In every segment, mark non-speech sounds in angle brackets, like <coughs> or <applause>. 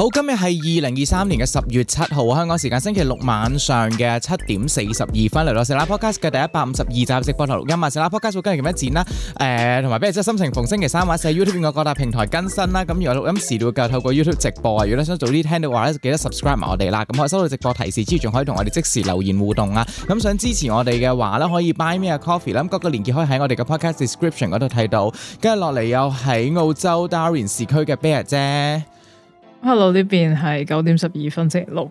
好，今日係二零二三年嘅十月七號，香港時間星期六晚上嘅七點四十二分，嚟到 Whatever podcast 嘅第一百五十二集直播投入錄音啊！Whatever podcast 今日點樣剪啦？誒、呃，同埋比如即心情逢星期三、四 YouTube 邊個各大平台更新啦。咁而家錄音時都會透過 YouTube 直播啊。如果你想早啲聽到話咧，記得 subscribe 埋我哋啦。咁可以收到直播提示之餘，仲可以同我哋即時留言互動啊。咁想支持我哋嘅話呢，可以 buy me coffee 啦。各個連結可以喺我哋嘅 podcast description 嗰度睇到。跟住落嚟又喺澳洲 Darwin 市區嘅 Bear 姐。Hello，呢邊係九點十二分，星期六。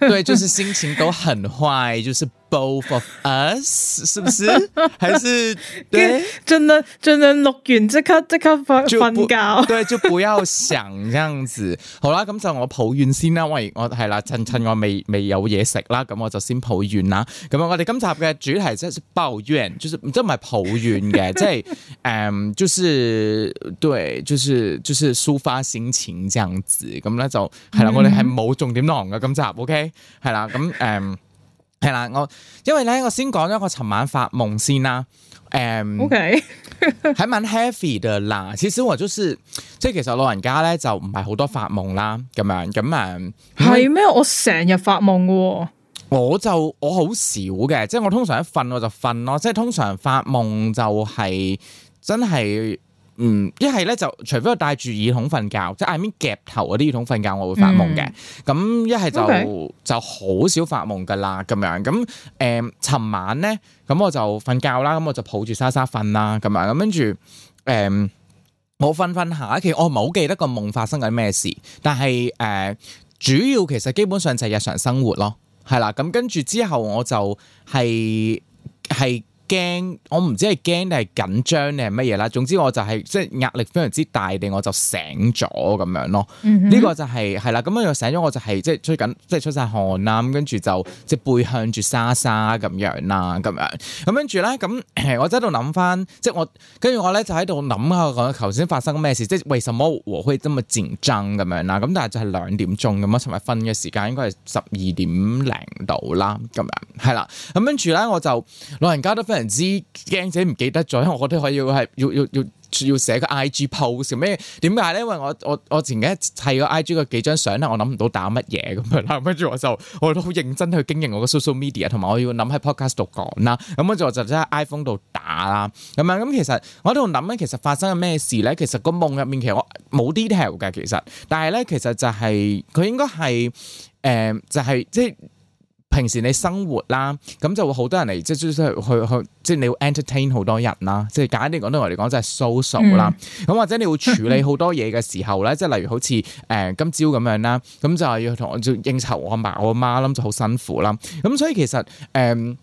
對，就是心情都很壞， <laughs> 就是。both of us 是不是？ <laughs> 還是跟盡量盡量錄完即刻即刻瞓瞓覺，不 <laughs> 對，就不要想這樣子。好啦，咁就我抱怨先啦，喂，我係啦，趁趁我未未有嘢食啦，咁我就先抱怨啦。咁我哋今集嘅主題真是抱怨，就是唔係抱怨嘅，即係嗯，就是對，就是就是抒發心情這樣子。咁咧就係啦，我哋係冇重點浪嘅 <laughs> 今集，OK，係啦，咁、嗯、誒。嗯係啦，我因為咧，我先講咗我尋晚發夢先啦，誒、um,，OK，係 <laughs> 晚 heavy 的啦。至少我就是，即係其實老人家咧就唔係好多發夢啦，咁樣咁啊。係、嗯、咩？我成日發夢嘅，我就我好少嘅，即係我通常一瞓我就瞓咯，即係通常發夢就係真係。嗯，一係咧就除非我戴住耳筒瞓覺，即係 I mean 夾頭嗰啲耳筒瞓覺，我會發夢嘅。咁一係就 Okay. 就好少發夢噶啦，咁樣咁，誒、尋、嗯、晚咧咁我就瞓覺啦，咁我就抱住莎莎瞓啦，咁樣咁跟住誒，我瞓瞓下，其實我唔係好記得個夢發生緊咩事，但係誒、呃、主要其實基本上就係日常生活咯，係啦。咁跟住之後我就係、係、係。驚我唔知係驚定係緊張定係乜嘢啦，總之我就係、是、即係壓力非常之大地我就醒咗咁樣咯，呢、嗯、哼個就係、是、係啦，咁樣醒咗我就係、是、即係出緊即係出晒汗啦，咁跟住就即係背向住沙沙咁樣啦，咁樣咁跟住咧咁我就喺度諗翻，即係我跟住我咧就喺度諗下，頭先發生咩事，即係為什麼會咁嘅戰爭咁樣啦，咁但係就係兩點鐘咁咯，同埋瞓嘅時間應該係十二點零度啦，咁樣係啦，咁跟住咧我就老人家都。唔人知驚自己唔記得咗，因為我覺得可以係要要要要寫個 IG post，咩？點解咧？因為我我我前，前 IG 幾日砌個 I G 個幾張相啦，我諗唔到打乜嘢咁樣，跟住我就我都好認真去經營我個 social media，同埋我要諗喺 podcast 度講啦，咁跟住我就真係 iPhone 度打啦，咁樣咁其實我喺度諗咧，其實發生咩事咧？其實個夢入面其實我冇 detail 嘅，其實，但係咧其實就係、是、佢應該係誒，就係、是、即係。平時你生活啦，咁就會好多人嚟，即係去去，即係你會 entertain 好多人啦，即係簡單啲講對我嚟講就係 social so 啦。咁、嗯、或者你會處理好多嘢嘅時候咧，即係 <laughs> 例如好似誒今朝咁樣啦，咁就係要同我應酬我阿嫲、我阿媽，咁就好辛苦啦。咁所以其實誒、嗯，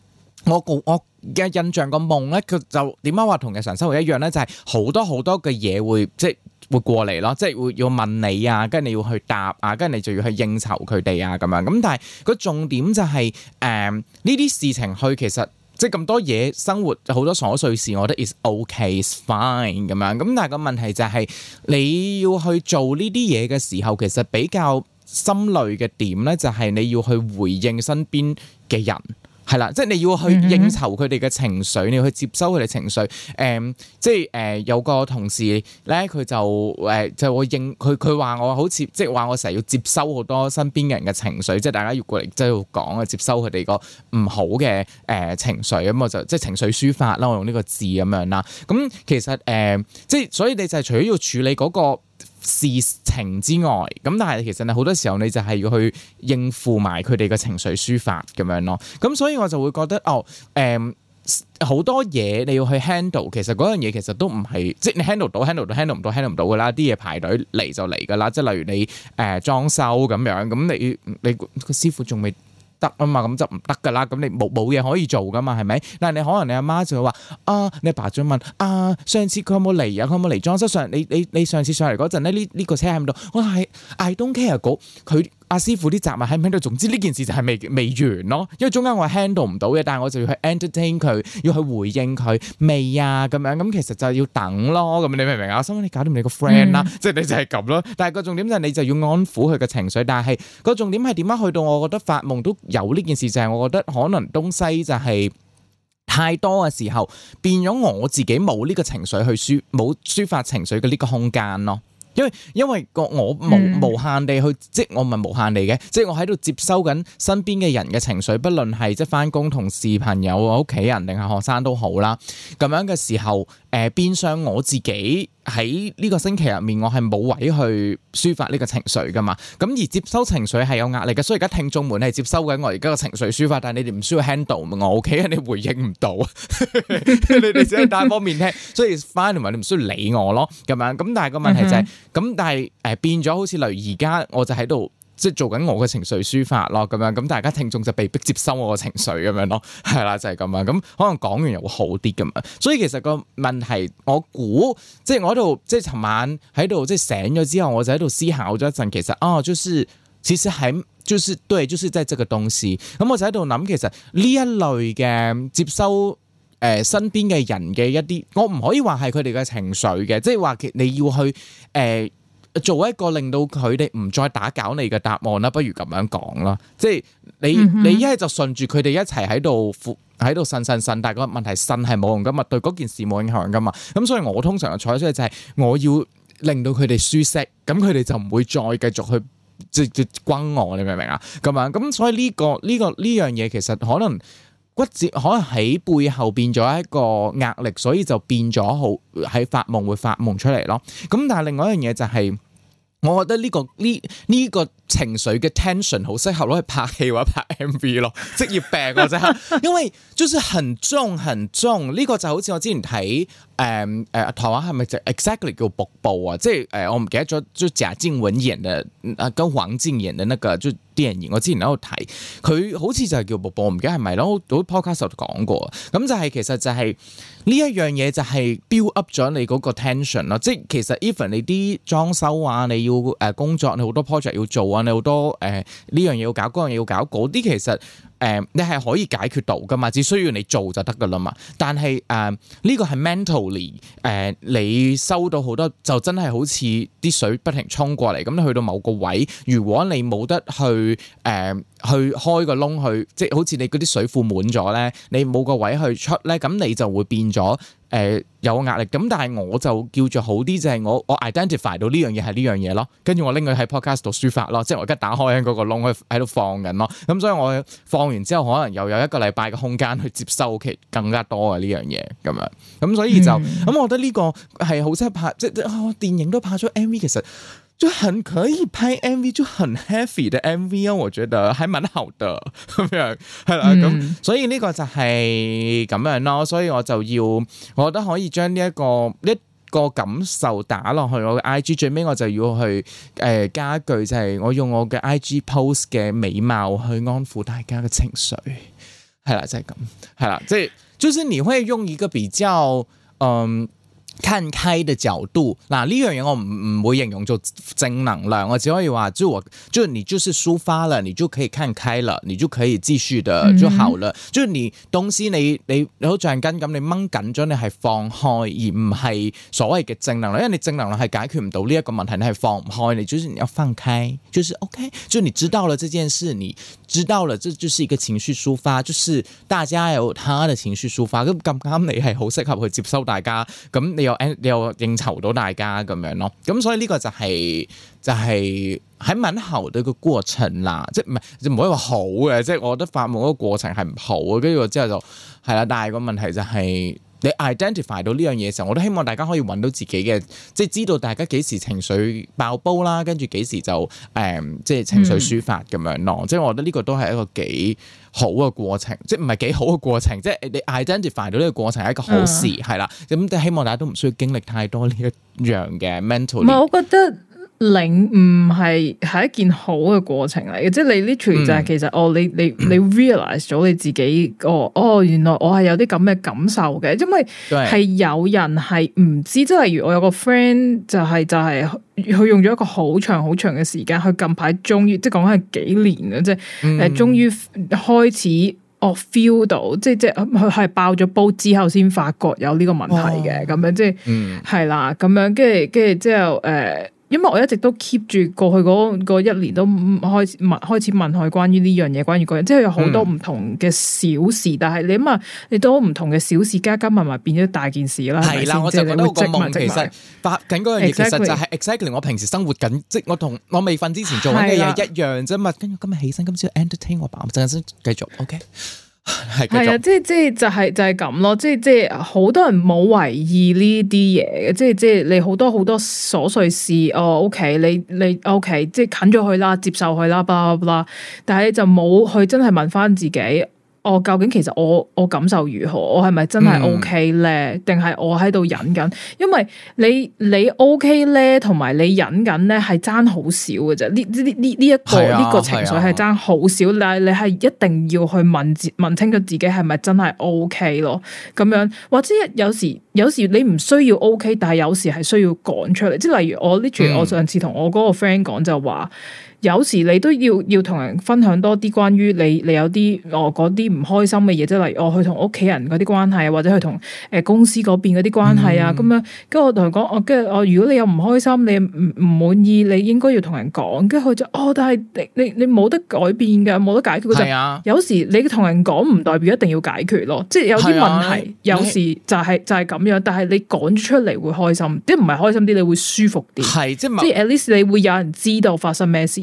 我我嘅印象個夢咧，佢就點解話同日常生活一樣咧，就係、是、好多好多嘅嘢會即係。會過嚟咯，即係會要問你啊，跟住你要去答啊，跟住你就要去應酬佢哋啊咁樣。咁但係個重點就係誒呢啲事情去其實即係咁多嘢生活好多瑣碎事，我覺得 is okay is fine 咁樣。咁但係個問題就係、是、你要去做呢啲嘢嘅時候，其實比較心累嘅點呢，就係你要去回應身邊嘅人。係啦，即係你要去應酬佢哋嘅情緒，你要去接收佢哋情緒。誒、嗯，即係誒、呃、有個同事咧，佢就誒、呃、就會應佢，佢話我好似即係話我成日要接收好多身邊嘅人嘅情緒，即係大家要過嚟即係要講啊，接收佢哋個唔好嘅誒情緒，咁我就即係情緒抒發啦，我用呢個字咁樣啦。咁、嗯、其實誒、呃、即係所以你就係除咗要處理嗰、那個事情之外，咁但係其實你好多時候你就係要去應付埋佢哋嘅情緒抒發咁樣咯，咁所以我就會覺得哦，誒、嗯、好多嘢你要去 handle，其實嗰樣嘢其實都唔係，即係你 handle 到 handle 到 handle 唔到 handle 唔到噶啦，啲嘢排隊嚟就嚟噶啦，即係例如你誒裝修咁樣，咁你你個師傅仲未？得啊嘛，咁就唔得噶啦，咁你冇冇嘢可以做噶嘛，係咪？但，你可能你阿媽，媽就會話，啊，你阿爸再問，啊，上次佢有冇嚟啊？佢有冇嚟裝修上？你你你上次上嚟嗰陣咧，呢、這、呢、個這個車喺邊度？我係 I don't care，個佢。阿師傅啲雜物喺唔喺度？總之呢件事就係未未完咯，因為中間我係 handle 唔到嘅，但係我就要去 entertain 佢，要去回應佢未啊咁樣。咁其實就要等咯。咁你明唔明啊？所以你搞掂你個 friend 啦，即係你就係咁咯。但係個重點就係你就要安撫佢嘅情緒。但係個重點係點樣去到？我覺得發夢都有呢件事，就係、是、我覺得可能東西就係太多嘅時候，變咗我自己冇呢個情緒去抒冇抒發情緒嘅呢個空間咯。因為因為個我無，無限地去，即係我唔係無限地嘅，即係我喺度接收緊身邊嘅人嘅情緒，不論係即係翻工同事朋友啊、屋企人定係學生都好啦。咁樣嘅時候，誒變相我自己。喺呢個星期入面，我係冇位去抒發呢個情緒噶嘛，咁而接收情緒係有壓力嘅，所以而家聽眾們，你係接收緊我而家嘅情緒抒發，但係你哋唔需要 handle 我，OK？你回應唔到， <laughs> 你哋只係單方面聽， <laughs> 所以翻條問題你唔需要理我咯，咁樣。咁但係個問題就係，咁、mm hmm. 但係誒變咗好似例如而家，我就喺度。即係做緊我嘅情緒抒發咯，咁樣咁大家聽眾就被迫接收我嘅情緒咁、就是、樣咯，係啦就係咁啊，咁可能講完又會好啲咁啊。所以其實個問題，我估即係我喺度，即係尋晚喺度，即係醒咗之後，我就喺度思考咗一陣。其實哦，就是其是係，就是對就是即係即係個東西。咁我就喺度諗，其實呢一類嘅接收，誒身邊嘅人嘅一啲，我唔可以話係佢哋嘅情緒嘅，即係話其你要去誒。呃做一個令到佢哋唔再打攪你嘅答案啦，不如咁樣講啦，即係你、嗯、哼你順一係就順住佢哋一齊喺度附喺度呻呻呻，但係個問題呻係冇用噶嘛，對嗰件事冇影響噶嘛，咁所以我通常嘅採取就係我要令到佢哋舒適，咁佢哋就唔會再繼續去即即轟我，你明唔明啊？咁樣，咁所以呢、個呢、個呢、個、樣嘢其實可能。骨折可能喺背後變咗一個壓力，所以就變咗好喺發夢會發夢出嚟咯。咁但係另外一樣嘢就係、是，我覺得呢個呢呢個。情緒嘅 tension 好適合攞去拍戲或者拍 MV 咯，職業病喎啫，因為，就是很重很重。呢、這個就好似我之前睇誒誒台灣係咪就 exactly 叫瀑布啊？即係誒我唔記得咗，就賈靜雯演嘅啊跟王靜演嘅那個就啲人 R，我之前喺度睇佢好似就係叫瀑布，我唔記得係咪咯？好多 podcast 講過過，咁就係、是、其實就係呢一樣嘢就係 build up 咗你個 tension 咯、就是，即係其實 even 你啲裝修啊，你要誒工作你好多 project 要做啊。你好多誒呢、呃、樣嘢要搞，嗰樣嘢要搞，嗰啲其實誒、呃、你係可以解決到噶嘛，只需要你做就得噶啦嘛。但係誒呢個係 mentally 誒、呃、你收到好多，就真係好似啲水不停衝過嚟，咁你去到某個位，如果你冇得去誒、呃、去開個窿去，即係好似你嗰啲水庫滿咗咧，你冇個位去出咧，咁你就會變咗。誒、呃、有壓力咁，但係我就叫做好啲，就係、是、我我 identify 到呢樣嘢係呢樣嘢咯，跟住我拎佢喺 podcast 度抒發咯，即係我而家打開緊嗰個窿去喺度放緊咯，咁、嗯、所以我放完之後，可能又有一個禮拜嘅空間去接收期更加多嘅呢樣嘢咁樣，咁、嗯、所以就咁、嗯嗯，我覺得呢個係好適合拍即係電影都拍咗 MV 其實。就很可以拍 MV，就很 heavy 的 MV 啊、哦。我覺得還蠻好的咁樣，係 <laughs> 啦咁、嗯嗯，所以呢個就係咁樣咯，所以我就要，我覺得可以將呢一個呢、這個感受打落去我 IG，最尾我就要去誒、呃、加一句，就係我用我嘅 IG post 嘅美貌去安撫大家嘅情緒，係啦，就係、是、咁，係啦，即係，就算、是、你可以用一個比較，嗯。看開的角度，嗱、啊，呢樣嘢我唔唔會形容做正能量，我只可以話，就我就你就是抒發了，你就可以看開了，你就可以繼續的、嗯、就好了。就你東西你你你好緊根咁，你掹緊咗你係放開，而唔係所謂嘅正能量。因為你正能量係解決唔到呢一個問題，你係放唔開，你就是你要放開，就是 OK。就你知道了這件事，你知道了這就是一個情緒抒發，就是大家有他的情緒抒發，咁剛剛你係好適合去接收大家，咁你。你又應酬到大家咁樣咯，咁所以呢個就係、是、就係喺問候嘅過程啦，即係唔係唔可以話好嘅，即係我覺得發夢嗰個過程係唔好嘅，跟住之後就係啦。但係個問題就係、是、你 identify 到呢樣嘢嘅時候，我都希望大家可以搵到自己嘅，即係知道大家幾時情緒爆煲啦，跟住幾時就誒、嗯、即係情緒抒發咁樣咯。嗯、即係我覺得呢個都係一個幾好嘅過程，即係唔係幾好嘅過程，即係你 identify 到呢個過程係一個好事，係啦、uh，咁、huh. 都希望大家都唔需要經歷太多呢一樣嘅 mental。冇覺得。領悟係係一件好嘅過程嚟嘅，即係你 literally 就係其實哦，你你你 realize 咗你自己哦哦，原來我係有啲咁嘅感受嘅，因為係有人係唔知，即係例如我有個 friend 就係、是、就係、是、佢用咗一個好長好長嘅時間，去近排終於即係講緊係幾年啊，即係誒、嗯、終於開始我 feel 到，即係即係佢係爆咗煲之後先發覺有呢個問題嘅，咁、哦、樣即係係啦，咁、嗯、樣跟住跟住之後誒。因為我一直都 keep 住過去嗰一年都開始問，開始問佢關於呢樣嘢，關於嗰樣，即係有好多唔同嘅小事，嗯、但係你問你多唔同嘅小事加加埋埋變咗大件事啦。係啦，我就覺得，夢其實發緊嗰樣嘢，其實就係 exactly 我平時生活緊，即我同我未瞓之前做嘅嘢一樣啫嘛。跟住今日起身，今朝 entertain 我吧，我陣先繼續，OK。係係啊，即係即係就係、是、就係咁咯，即係即係好多人冇為意呢啲嘢嘅，即係即係你好多好多瑣碎事哦，OK，你你 OK，即係近咗佢啦，接受佢啦，blah blah blah 但係就冇去真係問翻自己。究竟其實我我感受如何？我係咪真係 O K 咧？定係、嗯、我喺度忍緊？因為你你 O K 咧，同埋你忍緊咧，係爭好少嘅啫。呢呢呢呢一個呢、啊、個情緒係爭好少。但係、啊、你係一定要去問自、啊、問清楚自己係咪真係 O K 咯？咁樣或者有時有時你唔需要 O、OK, K，但係有時係需要講出嚟。即係例如我呢住、嗯、我上次同我嗰個 friend 講就話。有時你都要要同人分享多啲關於你你有啲哦嗰啲唔開心嘅嘢，即係例如我去同屋企人嗰啲關係啊，或者去同誒公司嗰邊嗰啲關係啊咁樣。跟住我同佢講，我跟住我、哦、如果你有唔開心，你唔唔滿意，你應該要同人講。跟住佢就哦，但係你你冇得改變㗎，冇得解決。啊、有時你同人講唔代表一定要解決咯，即係有啲問題，有時就係、是啊、就係咁樣。但係你講出嚟會開心，即係唔係開心啲，你會舒服啲。係，即係 at least 你會有人知道發生咩事。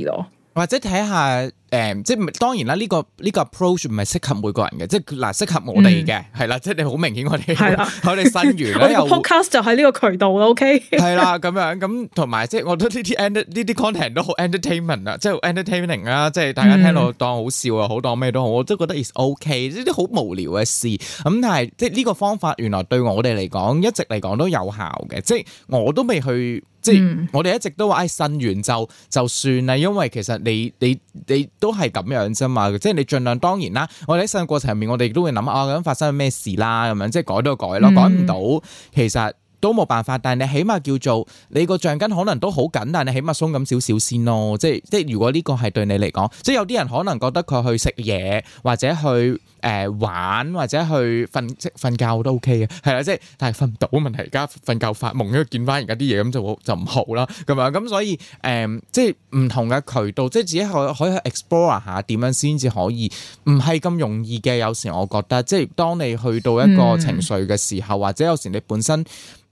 或者睇下。誒，即係、嗯、當然啦，呢、呢個呢、呢個 approach 唔係適合每個人嘅，即係嗱適合我哋嘅係啦，即係好明顯我哋係啦，的 <laughs> 我哋新源啦， <laughs> 我哋 podcast 又就喺呢個渠道啦，OK。 <laughs> 係啦，咁樣咁同埋，即係我覺得呢啲呢啲 content 都好 entertainment 啊，即係 entertaining 啊，即係大家聽到、嗯、當好笑啊，好當咩都好，我都係覺得係 OK，呢啲好無聊嘅事。咁但係即係呢個方法原來對我哋嚟講，一直嚟講都有效嘅，即係我都未去，即係、嗯、我哋一直都話誒，新、哎、源就就算啦，因為其實你你你。你你你你都係咁樣啫嘛，即係你盡量，當然啦。我哋喺生產過程入面，我哋亦都會諗啊，咁發生咩事啦，咁樣即係改都改咯，改唔到，嗯、其實。都冇辦法，但係你起碼叫做你個橡筋可能都好緊，但係你起碼鬆咁少少先咯。即係即係，如果呢個係對你嚟講，即係有啲人可能覺得佢去食嘢或者去誒玩或者去瞓瞓覺都 OK 嘅，係啦。即係但係瞓唔到嘅問題，而家瞓覺發夢都見翻而家啲嘢，咁就就唔好啦，咁樣。咁所以誒，即係唔同嘅渠道，即係自己可可以 explore 下點樣先至可以唔係咁容易嘅。有時我覺得，即係當你去到一個情緒嘅時候，或者有時你本身。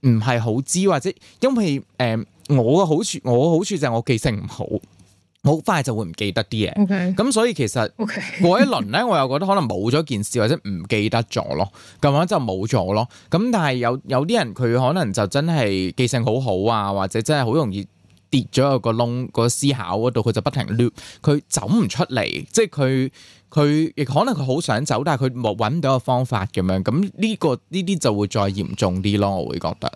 唔係好知，或者因為誒、呃、我嘅好處我嘅好處就係我記性唔好，好快就會唔記得啲嘢。咁 Okay. 所以其實 Okay. <laughs> 過一輪咧，我又覺得可能冇咗件事，或者唔記得咗咯，咁樣就冇咗咯。咁但係有有啲人佢可能就真係記性好好啊，或者真係好容易。跌咗有個窿，個思考嗰度佢就不停 loop，佢走唔出嚟，即係佢佢亦可能佢好想走，但係佢冇揾到個方法咁樣，咁呢個呢啲就會再嚴重啲咯，我會覺得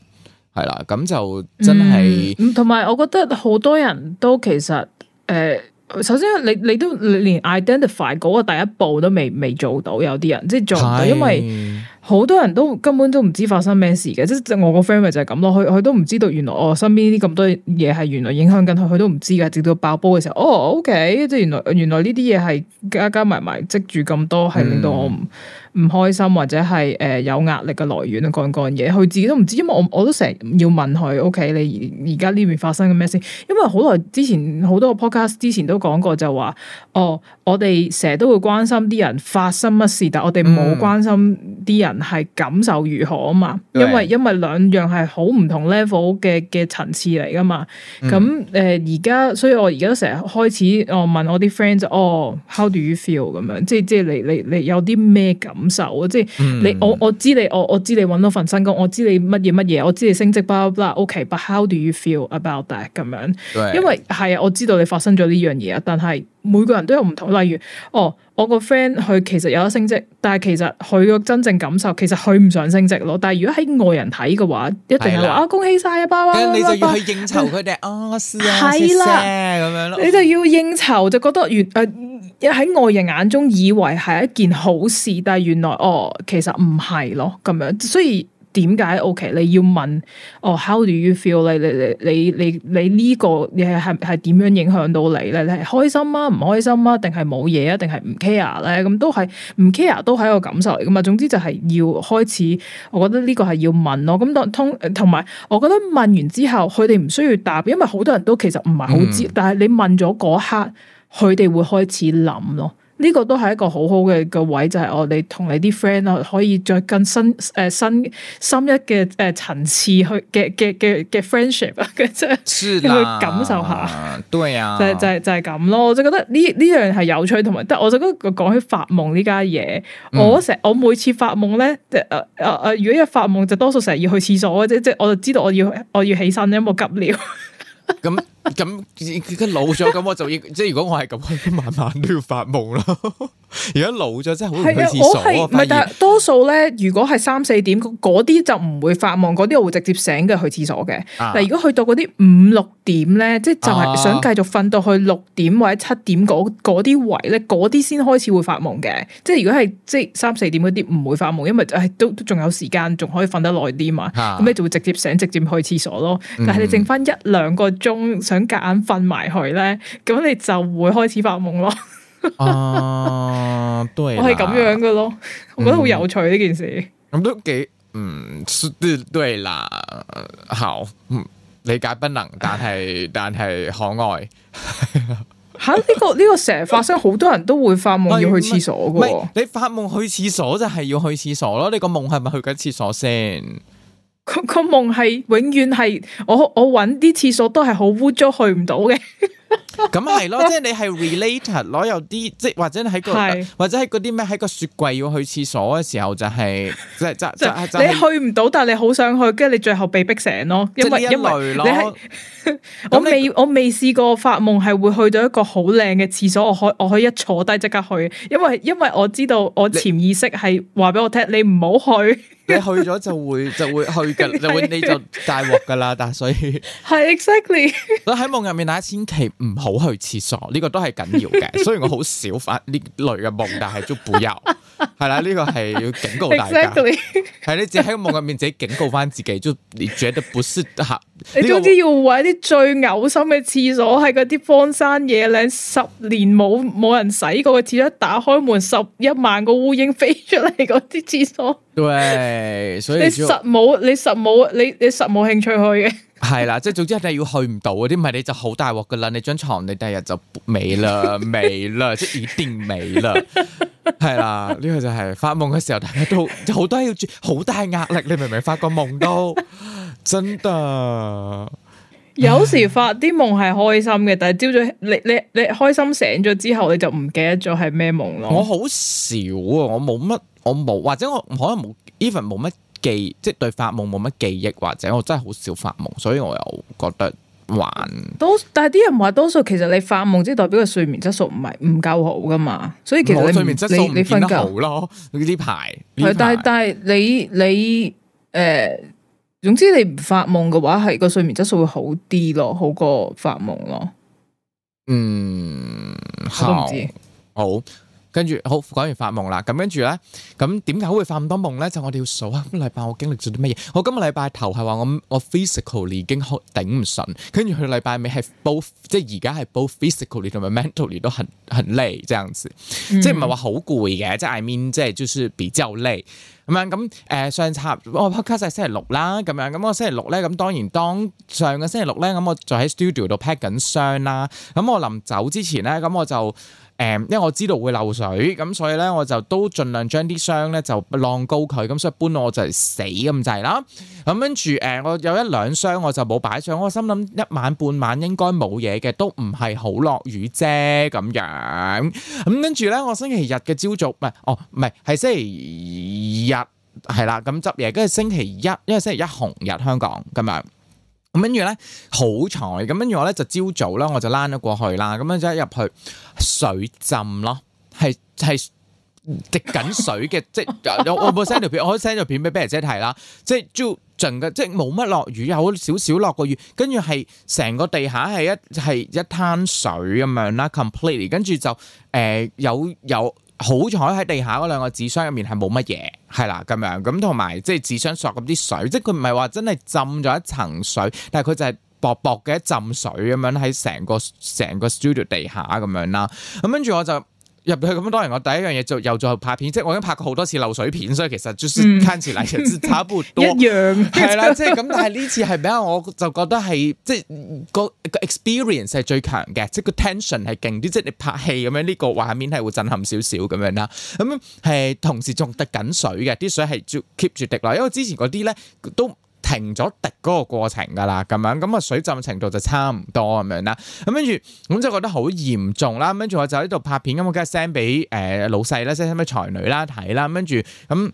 係啦，咁就真係。同埋、嗯、我覺得好多人都其實誒、呃，首先你你都你連 identify 嗰個第一步都未未做到，有啲人即係做唔到，因為。好多人都根本都唔知發生咩事嘅，即即我個 friend 咪就係咁咯，佢佢都唔知道原來我、哦、身邊呢啲咁多嘢係原來影響緊佢，佢都唔知噶直到爆煲嘅時候，哦，OK，即係原來原來呢啲嘢係加加埋埋積住咁多，係令到我唔唔開心或者係誒、呃、有壓力嘅來源啊，各樣嘢，佢自己都唔知，因為我我都成日要問佢，OK，你而家呢邊發生緊咩事？因為好耐之前好多個 podcast 之前都講過就話，哦，我哋成日都會關心啲人發生乜事，但我哋冇關心啲人、嗯。人係感受如何啊嘛？Right. 因為因為兩樣係好唔同 level 嘅嘅層次嚟噶嘛。咁誒而家，所以我而家成日開始我問我啲 friend 就哦，how do you feel 咁樣？即係即係你你你有啲咩感受啊？Mm. 即係你我我知你我我知你揾到份新工，我知你乜嘢乜嘢，我知，你，我知，你，我知，你，我知你升職，巴拉巴拉。OK，but how do you feel about that？咁樣，Right. 因為係啊，我知道你發生咗呢樣嘢，但係。每個人都有唔同，例如，哦，我個 friend 佢其實有得升職，但係其實佢嘅真正感受其實佢唔想升職咯。但係如果喺外人睇嘅話，一定係話的啊恭喜晒啊，爸爸！你就要去應酬佢哋啊，係啦咁樣咯，哦、你就要應酬就覺得原誒，喺、呃、外人眼中以為係一件好事，但係原來哦其實唔係咯，咁樣所以。點解？O K，你要問哦、oh，How do you feel？你你你你你你呢個嘢係係點樣影響到你咧？你係開心啊，唔開心啊，定係冇嘢啊，定係唔 care 咧？咁都係唔 care 都係一個感受嚟噶嘛。總之就係要開始，我覺得呢個係要問咯。咁當通同埋，我覺得問完之後，佢哋唔需要答，因為好多人都其實唔係好知。嗯、但係你問咗嗰刻，佢哋會開始諗咯。呢個都係一個好好嘅個位，就係、是、我哋同你啲 friend 咯，可以再更深誒深深一嘅誒層次去嘅嘅嘅嘅 friendship 啊，即係去感受下。對啊啦，就係就係就係咁咯。我就覺得呢呢樣係有趣，同埋，但我就覺得講起發夢呢家嘢，嗯、我成日我每次發夢咧，誒誒誒，如果一發夢就多數成日要去廁所嘅，即即我就知道我要我要起身，因為我急尿。 <laughs> 咁。咁而而家老咗，咁我就要即係 <laughs> 如果我係咁，我慢慢都要發夢咯。而 <laughs> 家老咗真係好容易去廁所。我，但多數咧，如果係三四點嗰啲就唔會發夢，嗰啲我會直接醒嘅去廁所嘅。啊、但如果去到嗰啲五六點咧，即係就係、是，想繼續瞓到去六點或者七點嗰嗰啲位咧，嗰啲先開始會發夢嘅。啊、即係如果係即係三四點嗰啲唔會發夢，因為都仲、哎、有時間，仲可以瞓得耐啲嘛。咁、啊、你就會直接醒，直接去廁所咯。但係你剩翻一兩個鐘咁夾硬瞓埋去咧，咁你就會開始發夢、 <laughs> uh, <laughs> 咯。啊、嗯，都係我係咁樣嘅咯，我覺得好有趣呢、嗯、件事。咁都幾嗯，都都係理解不能，但係 <laughs> 但係可愛。吓， <laughs> 呢、這個呢、這個成日發生， <laughs> 好多人都會發夢要去廁所嘅。你發夢去廁所就係要去廁所咯？你個夢係咪去緊廁所先？個個夢係永遠係我我揾啲廁所都係好污糟，去唔到嘅。咁係咯，即係你係 related 攞有啲，即係或者喺、那個是或者喺嗰啲咩喺個雪櫃要去廁所嘅時候就係即係即係即係你去唔到，但係你好想去，跟住你最後被逼醒咯，因為一類咯因為你係我未我未試過發夢係會去到一個好靚嘅廁所，我可我可以一坐低即刻去，因為因為我知道我潛意識係話俾我聽，你唔好去，你去咗就會就會去噶，就會 <laughs> 是 你就大鑊噶啦，但係所以係 <laughs> 是 exactly，我喺夢入面，嗱千祈唔好。冇去廁所，呢、這個都係緊要嘅。 <laughs> 雖然我好少發呢類嘅夢，但係都會有。係啦、 <laughs> 啊，呢、這個係要警告大家，喺 Exactly. <laughs> 你自己喺個夢入面，自己警告翻自己，就你覺得不適合。啊這個，你總之要揾啲最嘔心嘅廁所，係嗰啲荒山野嶺，十年冇冇人洗過嘅廁所，打開門十一萬個烏蠅飛出嚟嗰啲廁所。對，所以你實冇，你實冇，你你實冇興趣去嘅。係啦，即係總之你要去唔到嗰啲，唔係你就好大鑊噶啦！你張床你第日就沒啦，沒啦，即係一定沒啦。係啦，呢個就係發夢嘅時候，大家都好多要注，好大壓力。你明明發個夢都真嘅，有時發啲夢係開心嘅，但係朝早你你你開心醒咗之後，你就唔記得咗係咩夢咯。我好少啊，我冇乜，我冇，或者我可能冇，even 冇乜。記，即係對發夢冇乜記憶，或者我真係好少發夢，所以我又覺得還多。但係啲人話多數其實你發夢，即係代表個睡眠質素唔係唔夠好噶嘛。所以其實你睡眠質素唔你見得好咯，你呢排係但係但係你你誒、呃，總之你唔發夢嘅話，係個睡眠質素會好啲咯，好過發夢咯。嗯，好。跟住好講完發夢啦，咁跟住咧，咁點解會發咁多夢咧？就我哋要數下個禮拜我經歷咗啲乜嘢？我今個禮拜頭係話我我 physically 已經頂唔順，跟住去禮拜尾係 both 即係而家係 both physically 同埋 mentally 都、mm. 很很累，I mean 累，這樣子，即係唔係話好攰嘅，即係 I mean 即係就 u 比較累咁樣。咁誒上集我拍卡曬星期六啦，咁樣咁我星期六咧，咁當然當上個星期六咧，咁我就喺 studio 度 pack 緊箱啦。咁我臨走之前咧，咁我就。誒，因為我知道會漏水，咁所以咧，我就都盡量將啲箱咧就晾高佢，咁所以搬落我就死咁滯啦。咁跟住誒，我有一兩箱我就冇擺上，我心諗一晚半晚應該冇嘢嘅，都唔係好落雨啫咁樣。咁跟住咧，我星期日嘅朝早唔係、嗯，哦唔係，係星期日係啦，咁執嘢，跟住星期一，因為星期一紅日香港咁樣。咁跟住咧，好彩咁跟住我咧就朝早啦，我就躝咗過去啦。咁樣一入去，水浸咯，係係滴緊水嘅，即係有我部 send 條片，我可以 send 條片俾俾姐姐睇啦。即係就盡嘅，即係冇乜落雨，有少少落過雨。跟住係成個地下係一係一灘水咁樣啦，completely。跟住就誒有有。好彩喺地下嗰兩個紙箱入面係冇乜嘢，係啦咁樣，咁同埋即係紙箱索咁啲水，即係佢唔係話真係浸咗一層水，但係佢就係薄薄嘅一浸水咁樣喺成個成個 studio 地下咁樣啦，咁跟住我就。入去咁多人，我第一樣嘢就又再拍片，即係我已經拍過好多次漏水片，所以其實就 just 嚟就差不多、嗯、 <laughs> 一樣揚，係啦， <laughs> 即係咁。但係呢次係比較，我就覺得係即係個個 experience 係最強嘅，即係個 tension 係勁啲，即係你拍戲咁樣呢、這個畫面係會震撼少少咁樣啦。咁、嗯、係同時仲滴緊水嘅，啲水係 keep 住滴落，因為之前嗰啲咧都。停咗滴嗰個過程㗎啦，咁樣咁啊水浸程度就差唔多咁樣啦，咁跟住咁就覺得好嚴重啦，跟住我就喺度拍片，咁我梗係 send 俾誒老細啦，send 俾財女啦睇啦，跟住咁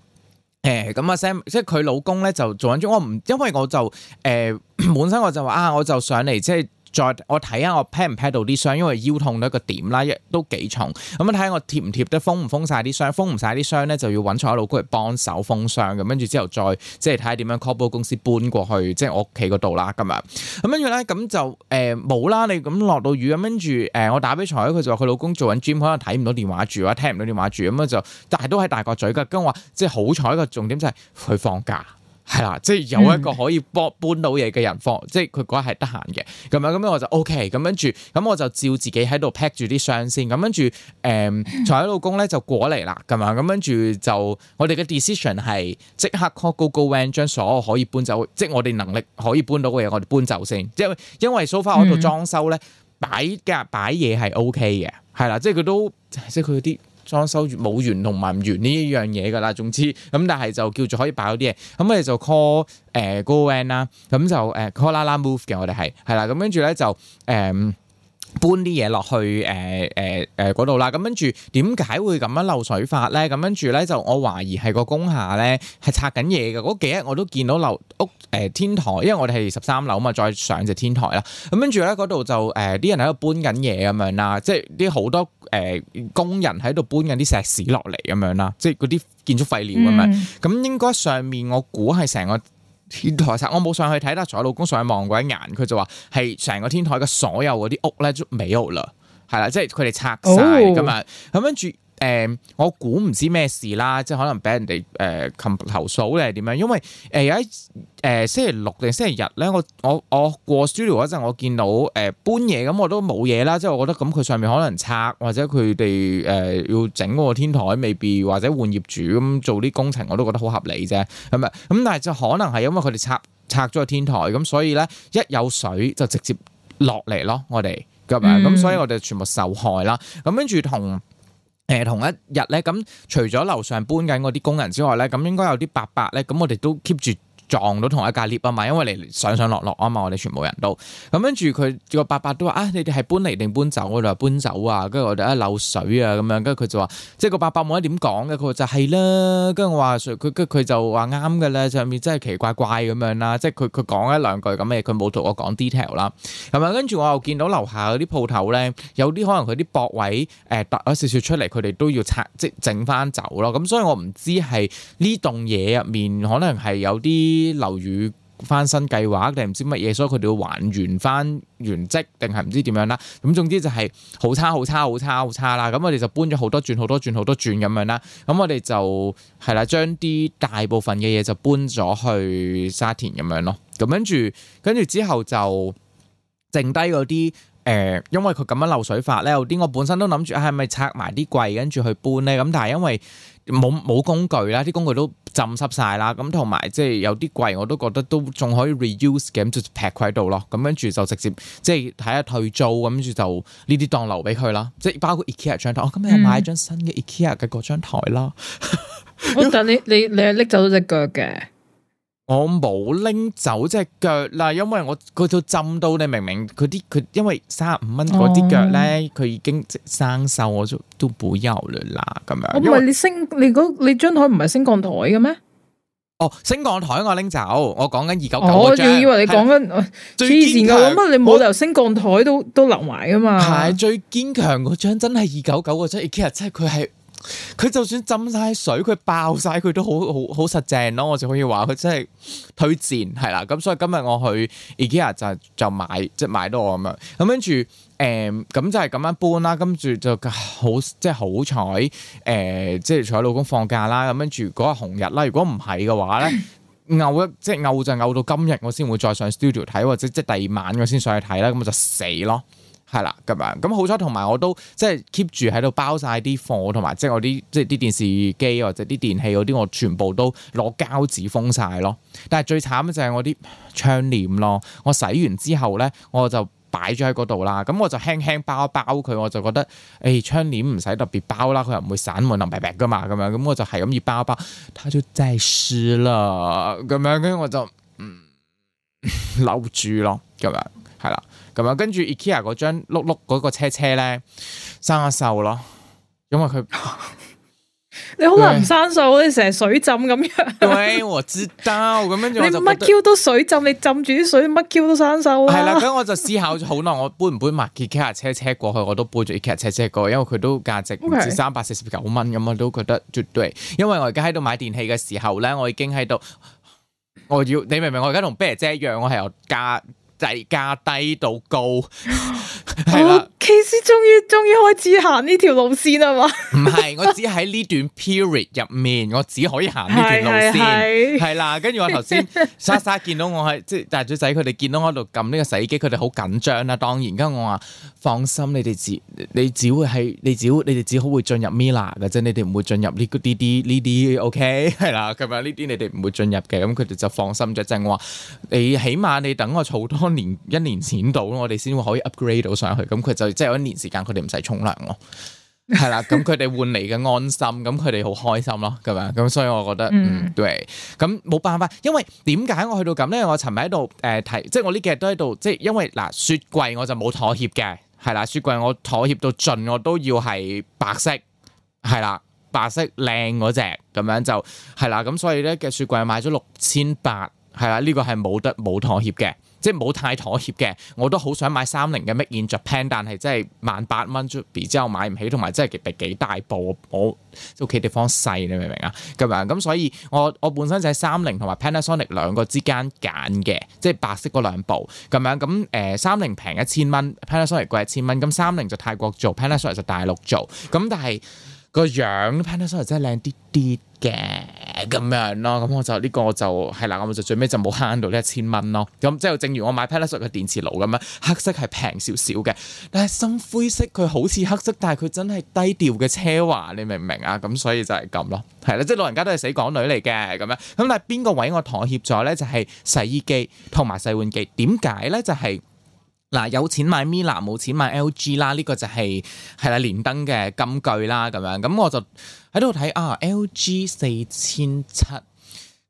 誒咁啊 send，即係佢老公咧就做緊中，我唔因為我就誒、呃、本身我就話啊，我就上嚟即係。再我睇下我 p a t 唔 p a t 到啲箱，因為腰痛到一個點啦，亦都幾重。咁樣睇下我貼唔貼得封唔封晒啲箱，封唔晒啲箱咧就要揾坐喺老公嚟幫手封箱咁。跟住之後再即係睇下點樣 call 波公司搬過去即係我屋企嗰度啦咁樣。咁跟住咧咁就誒冇啦。你咁落到雨咁，跟住誒我打俾財，佢就話佢老公做緊 gym 可能睇唔到電話住啊，聽唔到電話住咁樣就，但係都喺大角咀噶。跟我話，即係好彩個重點就係佢放假。係啦，即係有一個可以搬搬到嘢嘅人放，嗯、即係佢嗰日係得閒嘅，咁樣咁樣我就 O K，咁跟住，咁我就照自己喺度 pack 住啲箱先，咁跟住，誒、嗯，坐喺 <laughs> 老公咧就過嚟啦，咁樣，咁跟住就我哋嘅 decision 係即刻 call GoGoVan 將所有可以搬走，即係我哋能力可以搬到嘅嘢，我哋搬走先，即因為因為 sofa 嗰度裝修咧、嗯、擺架擺嘢係 O K 嘅，係啦，即係佢都即係佢啲。裝修冇完同埋唔完呢樣嘢㗎啦，總之咁但係就叫做可以擺啲嘢，咁我哋就 call 誒、呃、go in、啊啊、啦，咁就誒 call 啦啦 move 嘅，我哋係係啦，咁跟住咧就誒、嗯、搬啲嘢落去誒誒誒嗰度啦，咁跟住點解會咁樣漏水法咧？咁跟住咧就我懷疑係個工廈咧係拆緊嘢㗎，嗰幾日我都見到樓屋。誒，天台，因為我哋係十三樓嘛，再上就天台啦。咁跟住咧，嗰度就誒，啲人喺度搬緊嘢咁樣啦，即係啲好多誒、呃、工人喺度搬緊啲石屎落嚟咁樣啦，即係嗰啲建築廢料咁樣。咁、嗯、應該上面我估係成個天台拆、嗯、我冇上去睇啦。我老公上去望過一眼，佢就話係成個天台嘅所有嗰啲屋咧都冇啦，係啦，即係佢哋拆晒咁啊。咁跟住。誒、呃，我估唔知咩事啦，即係可能俾人哋誒投訴咧係點樣？因為誒有啲誒星期六定星期日咧，我我我過 studio 嗰陣我見到誒、呃、搬嘢，咁我都冇嘢啦。即係我覺得咁，佢上面可能拆或者佢哋誒要整個天台，未必或者換業主咁做啲工程，我都覺得好合理啫。係咪？咁但係就可能係因為佢哋拆拆咗個天台，咁所以咧一有水就直接落嚟咯，我哋咁樣。咁、嗯、所以我哋全部受害啦。咁跟住同。誒、呃、同一日咧，咁除咗樓上搬緊嗰啲工人之外咧，咁應該有啲伯伯咧，咁我哋都 keep 住。撞到同一架 lift 啊嘛，因為你上上落落啊嘛，我哋全部人都咁，跟住佢個伯伯都話啊，你哋係搬嚟定搬走？我哋話搬走啊，跟住我哋一漏水啊咁樣，跟住佢就話即係個伯伯冇得點講嘅，佢就係啦。跟住我話佢，佢就話啱嘅咧，上面真係奇怪怪咁樣啦，即係佢佢講一兩句咁嘅，佢冇同我講 detail 啦。咁啊跟住我又見到樓下嗰啲鋪頭咧，有啲可能佢啲駁位誒凸咗少少出嚟，佢哋都要拆即整翻走咯。咁所以我唔知係呢棟嘢入面可能係有啲。啲樓宇翻新計劃定唔知乜嘢，所以佢哋要還原翻原迹，定係唔知點樣啦。咁總之就係好差、好差、好差、好差啦。咁我哋就搬咗好多轉、好多轉、好多轉咁樣啦。咁我哋就係啦，將啲大部分嘅嘢就搬咗去沙田咁樣咯。咁跟住，跟住之後就剩低嗰啲誒，因為佢咁樣漏水法咧，有啲我本身都諗住係咪拆埋啲櫃，跟住去搬咧。咁但係因為冇冇工具啦，啲工具都浸濕晒啦，咁同埋即係有啲櫃我都覺得都仲可以 reuse 嘅，咁就劈佢喺度咯，咁跟住就直接即係睇下退租，咁跟住就呢啲當留俾佢啦，即係包括 IKEA 張台，我、啊、今日又買咗張新嘅 IKEA 嘅嗰張台啦。但你你你係拎走咗隻腳嘅。我冇拎走隻腳啦，因為我佢就浸到你，明明佢啲佢因為三十五蚊嗰啲腳咧，佢、哦、已經生鏽，我就都補油啦咁樣。唔係、哦、你升你你張台唔係升降台嘅咩？哦，升降台我拎走，我講緊二九九。我仲、哦、以為你講緊是最前嘅乜，我你冇理由升降台都都留埋噶嘛？係最堅強嗰張真係二九九嗰張，其實即係佢係。佢就算浸晒水，佢爆晒，佢都好好好實正咯。我就可以話佢真係推薦係啦。咁所以今日我去 IKEA 就就買，即係買多我咁樣。咁跟住誒，咁就係咁樣搬啦。跟住就好，即係好彩誒，即係除咗老公放假啦。咁跟住嗰日紅日啦。如果唔係嘅話咧，拗一即係拗就拗到今日，我先會再上 studio 睇，或者即係第二晚我先上去睇啦。咁我就死咯。係啦，咁樣咁好彩，同埋我都我即係 keep 住喺度包晒啲貨，同埋即係我啲即係啲電視機或者啲電器嗰啲，我全部都攞膠紙封晒咯。但係最慘咧就係我啲窗簾咯，我洗完之後咧，我就擺咗喺嗰度啦。咁我就輕輕包一包佢，我就覺得誒、欸、窗簾唔使特別包啦，佢又唔會散滿啊，白白噶嘛咁樣。咁我就係咁要包一包，佢就真濕啦。咁樣跟住我就嗯留 <laughs> 住咯，咁樣係啦。嗯嗯嗯咁啊，跟住 IKEA 嗰張碌碌嗰個車車咧，生阿鏽咯，因為佢 <laughs> 你好難唔生鏽，好似成日水浸咁樣。對，我知道咁樣。我你乜 Q 都水浸，你浸住啲水，乜 Q 都生鏽啦。係 <laughs> 啦，咁我就思考咗好耐，我搬唔搬埋 IKEA 車車過去？我都背住 IKEA 車車過去，因為佢都價值唔止三百四十九蚊，咁我都覺得絕對。因為我而家喺度買電器嘅時候咧，我已經喺度，我要你明唔明？我而家同 Bea 姐一樣，我係有價。就係價低到高，係啦。其實終於終於開始行呢條路線啦嘛？唔 <laughs> 係，我只喺呢段 period 入面，我只可以行呢段路線係啦。跟住 <laughs> 我頭先莎莎見到我喺即係大嘴仔，佢哋見到我喺度撳呢個洗衣機，佢哋好緊張啦。當然，跟住我話放心，你哋只你只會係你只你哋只好會進入 Mila 嘅啫，你哋唔會進入呢啲啲呢啲。O K 係啦，咁啊呢啲你哋唔會進入嘅，咁佢哋就放心咗。就係我話你起碼你等我儲多年一年錢到，我哋先會可以 upgrade 到上去。咁佢就。即係有一年時間，佢哋唔使沖涼咯，係啦。 <laughs> 咁佢哋換嚟嘅安心，咁佢哋好開心咯，咁樣，咁所以我覺得，嗯，對。咁冇辦法，因為點解我去到咁咧？我尋日喺度誒提，即係我呢幾日都喺度，即係因為嗱雪櫃我就冇妥協嘅，係啦，雪櫃我妥協到盡，我都要係白色，係啦，白色靚嗰隻咁樣就係啦。咁所以咧嘅雪櫃買咗六千八，係啦，呢個係冇得冇妥協嘅。即係冇太妥協嘅，我都好想買三菱嘅 Made in Japan 但係真係萬八蚊，j u b i 之後買唔起，同埋真係幾大幾大部，我屋企地方細，你明唔明啊？咁樣咁，所以我我本身就喺三菱同埋 Panasonic 兩個之間揀嘅，即係白色嗰兩部咁樣咁誒，三菱平一千蚊，Panasonic 貴一千蚊，咁三菱就泰國做，Panasonic 就大陸做，咁但係。個樣 Panasonic 真係靚啲啲嘅咁樣咯，咁我就呢、呢個就係啦，我就最尾就冇慳到呢一千蚊咯。咁即係正如我買 Panasonic 嘅電磁爐咁樣，黑色係平少少嘅，但係深灰色佢好似黑色，但係佢真係低調嘅奢華，你明唔明啊？咁所以就係咁咯，係啦，即係老人家都係死港女嚟嘅咁樣。咁但係邊個位我妥協咗咧？就係、係、洗衣機同埋洗碗機，點解咧？就係、係。嗱，有錢買咪立，冇錢買 LG 啦，呢個就係係啦，連登嘅金句啦，咁樣咁我就喺度睇啊，LG 四千七，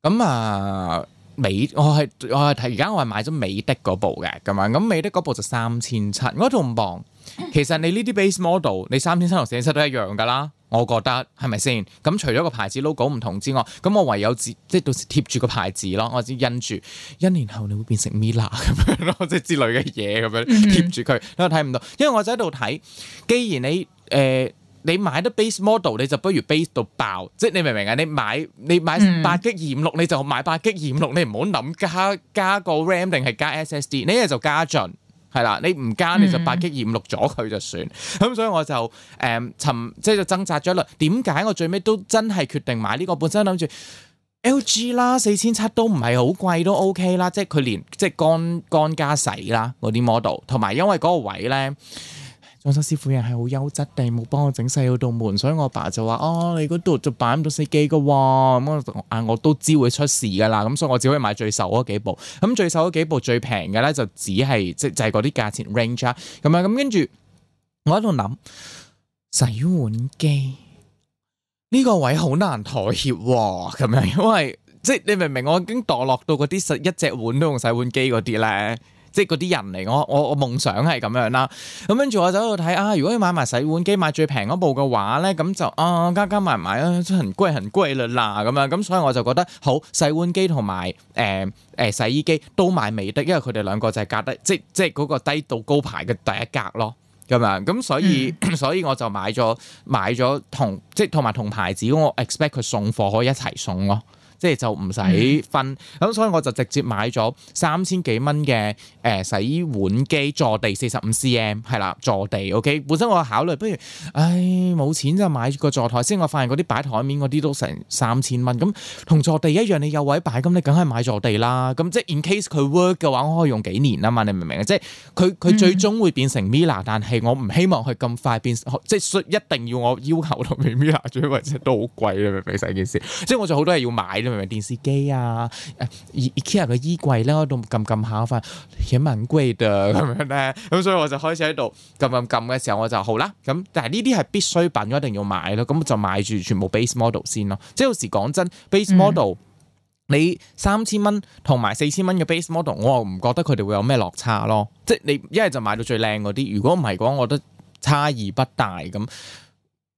咁啊美，我係我係睇而家我係買咗美的嗰部嘅，咁啊咁美的嗰部就三千七，我覺得仲唔棒？其實你呢啲 base model，你三千七同四千七都一樣㗎啦。我覺得係咪先？咁除咗個牌子 logo 唔同之外，咁我唯有自即係到時貼住個牌子咯，我只印住一年後你會變成 Mila 咁樣咯，即係之類嘅嘢咁樣貼住佢，睇唔到，因為我喺度睇，既然你誒、呃、你買得 base model，你就不如 base 到爆，即係你明唔明啊？你買你買八吉二五六，你就買八吉二五六，你唔好諗加加個 RAM 定係加 SSD，你一就加盡。係啦，你唔加你就百激厭惡咗佢就算，咁、mm hmm. 嗯、所以我就誒、呃、尋即係掙扎咗啦。點解我最尾都真係決定買呢、呢個？本身諗住 LG 啦，四千七都唔係好貴，都 OK 啦。即係佢連即係乾乾加洗啦嗰啲 model，同埋因為嗰個位咧。我陣時，師傅人係好優質地冇幫我整細嗰道門，所以我爸就話：哦，你嗰度就擺唔到四機噶喎。咁我都知會出事噶啦。咁所以我只可以買最瘦嗰幾部。咁最瘦嗰幾部最平嘅咧，就只係即係嗰啲價錢 range 咁樣。咁跟住，我喺度諗洗碗機呢個位好難妥協喎。咁樣因為即係你明唔明？我已經墮落到嗰啲實一隻碗都用洗碗機嗰啲咧。即係嗰啲人嚟，我我我夢想係咁樣啦。咁跟住我走嗰度睇啊，如果你買埋洗碗機買最平嗰部嘅話咧，咁就啊加加埋埋啊，真係很貴很貴啦嗱。咁樣咁所以我就覺得好，洗碗機同埋誒誒洗衣機都買美的，因為佢哋兩個就係隔得即即係嗰個低到高排嘅第一格咯。咁樣咁所以、嗯、所以我就買咗買咗同，即係同埋同牌子，我 expect 佢送貨可以一齊送咯。即係就唔使分，咁、嗯嗯、所以我就直接買咗三千幾蚊嘅誒洗碗機坐地四十五 CM 係啦，坐地, cm, 坐地 OK。本身我考慮不如，唉冇錢就買個坐台先。我發現嗰啲擺台面嗰啲都成三千蚊，咁同坐地一樣，你有位擺咁你梗係買坐地啦。咁、嗯、即係 in case 佢 work 嘅話，我可以用幾年啊嘛。你明唔明啊？即係佢佢最終會變成 Mira，、嗯、但係我唔希望佢咁快變，即係一定要我要求到 Mira，最尾即係都好貴嘅，明唔明成件事即係我就好多嘢要買。你明明電視機啊，誒、啊、IKEA 嘅衣櫃咧，我都撳撳下，發現蠻貴嘅咁樣咧，咁、嗯、所以我就開始喺度撳撳撳嘅時候，我就好啦。咁但係呢啲係必需品，一定要買咯。咁就買住全部 base model 先咯。即係有時講真，base model、嗯、你三千蚊同埋四千蚊嘅 base model，我又唔覺得佢哋會有咩落差咯。即係你一係就買到最靚嗰啲，如果唔係講，我覺得差異不大咁。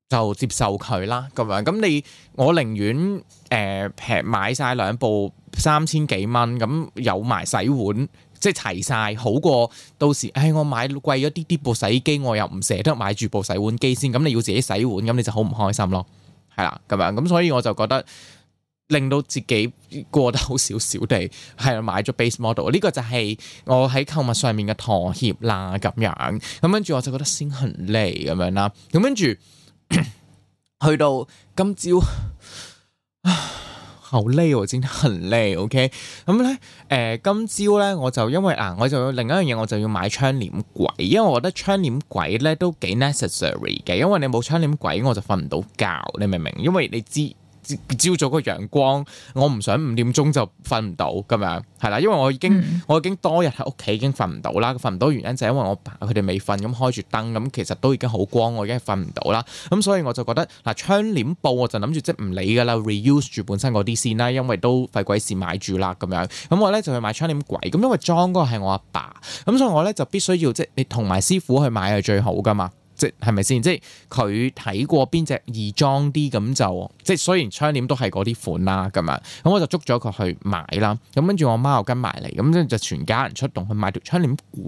就接受佢啦，咁樣，咁你我寧願誒平買晒兩部三千幾蚊，咁有埋洗碗，即係齊晒，好過到時誒、哎、我買貴咗啲啲部洗衣機，我又唔捨得買住部洗碗機先，咁你要自己洗碗，咁你就好唔開心咯，係啦，咁樣，咁所以我就覺得令到自己過得好少少地，係啊，買咗 base model 呢個就係我喺購物上面嘅妥協啦，咁樣，咁跟住我就覺得先肯嚟咁樣啦，咁跟住。 <coughs> 去到今朝，好累我真係很累。OK，咁、嗯、咧，誒、呃，今朝咧我就因為啊，我就要另一樣嘢，我就要買窗簾櫃，因為我覺得窗簾櫃咧都幾 necessary 嘅，因為你冇窗簾櫃我就瞓唔到覺，你明唔明？因為你知。朝早個陽光，我唔想五點鐘就瞓唔到咁樣，係啦，因為我已經、嗯、我已經多日喺屋企已經瞓唔到啦。瞓唔到原因就係因為我佢哋未瞓，咁開住燈，咁其實都已經好光，我已經瞓唔到啦。咁所以我就覺得嗱，窗簾布我就諗住即唔理㗎啦，reuse 住本身嗰啲先啦，因為都費鬼事買住啦咁樣。咁我咧就去買窗簾櫃，咁因為裝嗰個係我阿爸，爸，咁所以我咧就必須要即你同埋師傅去買係最好㗎嘛。即係咪先？即係佢睇過邊隻易裝啲咁就，即係雖然窗簾都係嗰啲款啦咁啊，咁我就捉咗佢去買啦。咁跟住我媽又跟埋嚟，咁跟住就全家人出動去買條窗簾鬼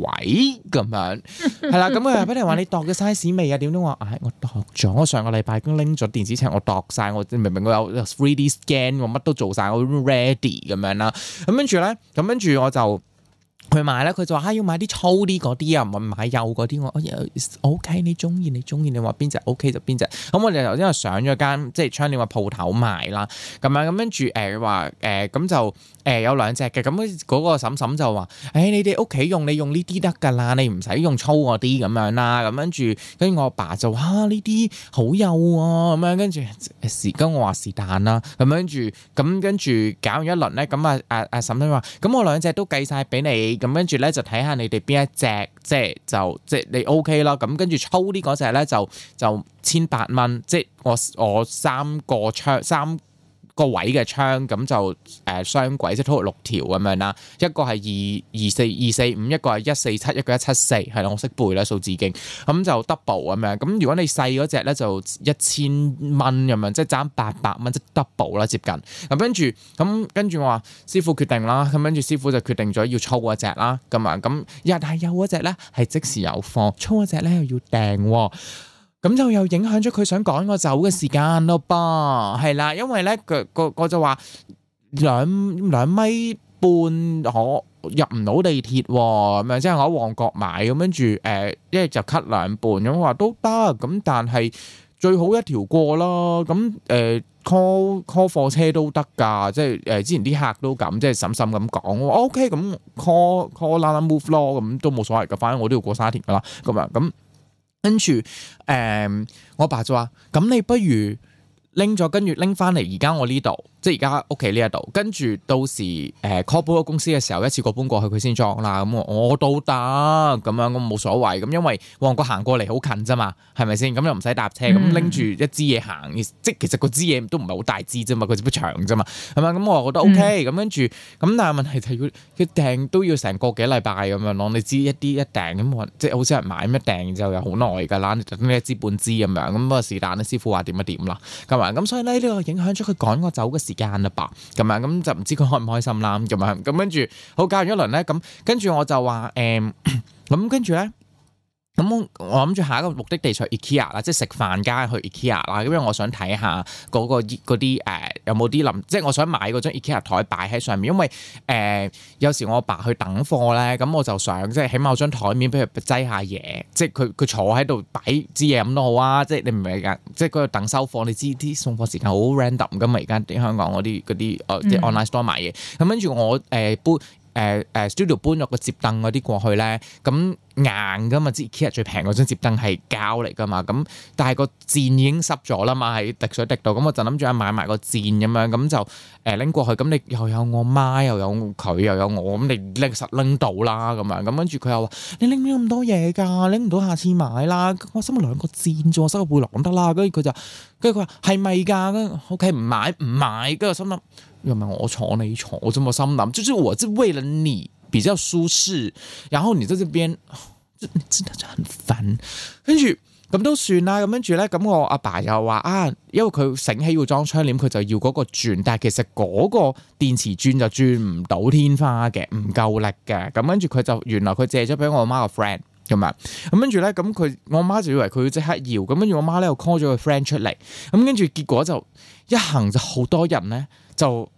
咁樣，係啦。咁佢話，比如話你度嘅 size 未啊？點都話，唉、哎，我度咗。我上個禮拜已經拎咗電子尺，我度晒。我明明我有 three d scan，我乜都做晒。我 ready 咁樣啦。咁跟住咧，咁跟住我就。佢買咧，佢就話嚇要買啲粗啲嗰啲啊，唔係買幼嗰啲我。哦，O K，你中意你中意，你話邊隻 O K 就邊隻。咁、okay，嗯、我哋頭先就上咗間即係窗簾嘅鋪頭買啦。咁啊，咁跟住誒話誒咁就。誒、欸、有兩隻嘅，咁、那、嗰個嬸嬸就話：誒、欸、你哋屋企用你用呢啲得㗎啦，你唔使用，用粗嗰啲咁樣啦。咁跟住，跟住我阿爸就啊呢啲好幼啊，咁樣跟住，時跟我話是但啦。咁跟住，咁跟住搞完一輪咧，咁啊啊啊嬸嬸話：咁、嗯、我兩隻都計晒俾你，咁跟住咧就睇下你哋邊一隻，即係就即係你 O K 咯。咁跟住粗啲嗰隻咧就就千八蚊，即係、OK、我我三個窗三。個位嘅窗，咁就誒、雙軌即係粗六條咁樣啦，一個係二二四二四五，一個係一四七，一個一七四，係啦，我識背啦，數字經咁、嗯、就 double 咁、嗯、樣。咁如果你細嗰隻咧就一千蚊咁樣，即係爭八百蚊即係 double 啦，接近。咁跟住咁跟住我話師傅決定啦，咁跟住師傅就決定咗要抽嗰隻啦，咁啊咁但係有嗰隻咧係即時有貨，粗嗰隻咧又要訂喎。哦咁就又影響咗佢想趕我走嘅時間咯，噃係啦，因為咧，佢佢就話兩兩米半可、哦、入唔到地鐵喎，咁、哦、樣即係我喺旺角買咁跟住誒，一係、呃、就 cut 兩半咁話都得，咁但係最好一條過咯，咁、嗯、誒、呃、call call 貨車都得㗎，即係誒之前啲客都咁，即係審審咁講，O K，咁 call call 啦啦 move 咯，咁、嗯、都冇所謂㗎，反正我都要過沙田㗎啦，咁啊咁。嗯嗯。跟住，誒、呃，我爸就話，咁你不如拎咗，跟住拎翻嚟，而家我呢度。即係而家屋企呢一度，跟住到時誒 call 搬個公司嘅時候，一次過搬過去佢先裝啦。咁、嗯、我都得咁樣，我冇所謂。咁因為旺角行過嚟好近啫嘛，係咪先？咁又唔使搭車，咁拎住一支嘢行，嗯、即其實個支嘢都唔係好大支啫嘛，佢支筆長啫嘛。係嘛？咁我覺得 OK、嗯。咁跟住咁，但係問題就要佢訂都要成個幾禮拜咁樣咯。你知一啲一訂咁即係好少人買咩訂，然之後又好耐㗎啦。你等一支半支咁樣，咁不過是但啦。師傅話點就點啦。咁啊，咁所以呢，呢個影響咗佢趕我走嘅。時間啦吧，咁樣，咁就唔知佢開唔開心啦咁樣，咁跟住好教完一輪咧，咁跟住我就話，誒、嗯，咁跟住咧。咁、嗯、我諗住下一個目的地就係 IKEA 啦，即係食飯間去 IKEA 啦，因為我想睇下嗰個嗰啲誒有冇啲臨，即係我想買嗰張 IKEA 台擺喺上面，因為誒、呃、有時我阿爸去等貨咧，咁我就想即係起碼有張台面，畀佢擠下嘢，即係佢佢坐喺度擺支嘢咁都好啊，即係你唔明啊？即係嗰度等收貨，你知啲送貨時間好 random 噶嘛？而家啲香港嗰啲啲 online store 買嘢，咁跟住我誒搬。呃誒誒、呃、studio 搬咗個折凳嗰啲過去咧，咁硬噶嘛？之今日最平嗰張折凳係膠嚟噶嘛？咁但係個墊已經濕咗啦嘛，係滴水滴到。咁我就諗住買埋個墊咁樣，咁就誒拎過去。咁你又有我媽，又有佢，又有我，咁你拎實拎到啦咁樣。咁跟住佢又話： <music> 你拎咗咁多嘢㗎，拎唔到下次買啦。我心諗兩個墊咋，我收個背囊得啦。跟住佢就跟住佢話：係咪㗎？咁 OK，唔買唔買。咁我心諗。又唔係我坐，你坐。我真係冇心諗，即係我，是為了你比較舒適。然後你在這邊、喔，真的真的就很煩。跟住咁都算啦，咁跟住咧，咁我阿爸又話啊，因為佢醒起要裝窗簾，佢就要嗰個轉，但係其實嗰個電池轉就轉唔到天花嘅，唔夠力嘅。咁跟住佢就原來佢借咗俾我媽個 friend。咁啊，咁跟住咧，咁佢我媽就以為佢要即刻搖，咁跟住我媽咧又 call 咗個 friend 出嚟，咁跟住結果就一行就好多人咧，就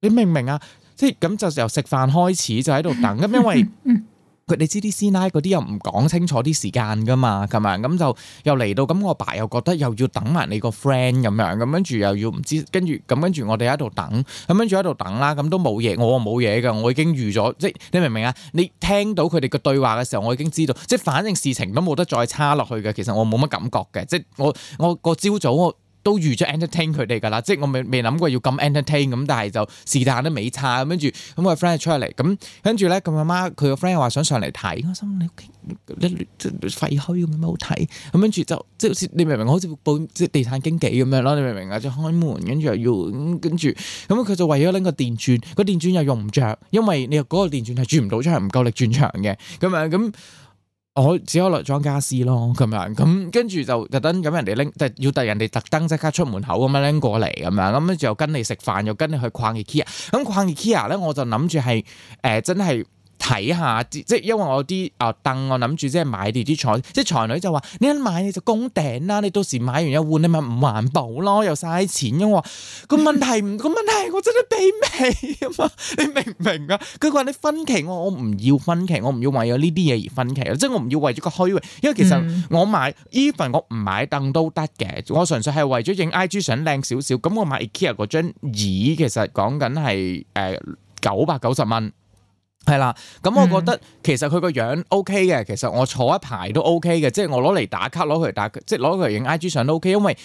你明唔明啊？即係咁就由食飯開始就喺度等，咁因為。 <laughs> 佢哋知啲師奶嗰啲又唔講清楚啲時間噶嘛，咁樣，咁就又嚟到，咁我爸又覺得又要等埋你個 friend 咁樣，咁跟住又要唔知，跟住咁跟住我哋喺度等，咁跟住喺度等啦，咁都冇嘢，我冇嘢噶，我已經預咗，即係你明唔明啊？你聽到佢哋嘅對話嘅時候，我已經知道，即係反正事情都冇得再差落去嘅，其實我冇乜感覺嘅，即係我我個朝早我。我我都預咗 entertain 佢哋噶啦，即係我未未諗過要咁 entertain 咁，但係就是但都未差咁跟住，咁我個 friend 出嚟，咁跟住咧，咁阿媽佢個 friend 話想上嚟睇，我心諗你屋企一廢墟咁好睇？咁跟住就即好似你明唔明？好似報即地產經紀咁樣咯，你明唔明啊？即係開門跟住又要跟住，咁佢就為咗拎個電鑽，個電鑽又用唔着，因為你嗰個電鑽轉係轉唔到出嚟，唔夠力轉牆嘅，咁啊咁。 <noise> 喔、我只可落裝家私咯，咁樣咁跟住就特登咁人哋拎，即係要特人哋特登即刻出門口咁樣拎過嚟，咁樣咁咧就跟你食飯，又跟你去逛 IKEA，咁逛 IKEA 咧我就諗住係誒真係。睇下即即，因為我啲啊凳，我諗住即係買啲啲彩，即才女就話你一買你就供頂啦，你到時買完一換你咪唔環保咯，又嘥錢嘅喎。個問題唔個問題我 <laughs> 明明，我真係俾命啊嘛，你明唔明啊？佢話你分期我唔要分期，我唔要，要為咗呢啲嘢而分期咯，即我唔要為咗個虛榮。因為其實我買 even 我唔買凳都得嘅，我純粹係為咗影 I G 相靚少少。咁我買 IKEA 嗰張椅其實講緊係誒九百九十蚊。呃係啦，咁我覺得其實佢個樣 O K 嘅，其實我坐一排都 O K 嘅，即係我攞嚟打卡，攞佢嚟打，即係攞佢嚟影 I G 相都 O K，因為。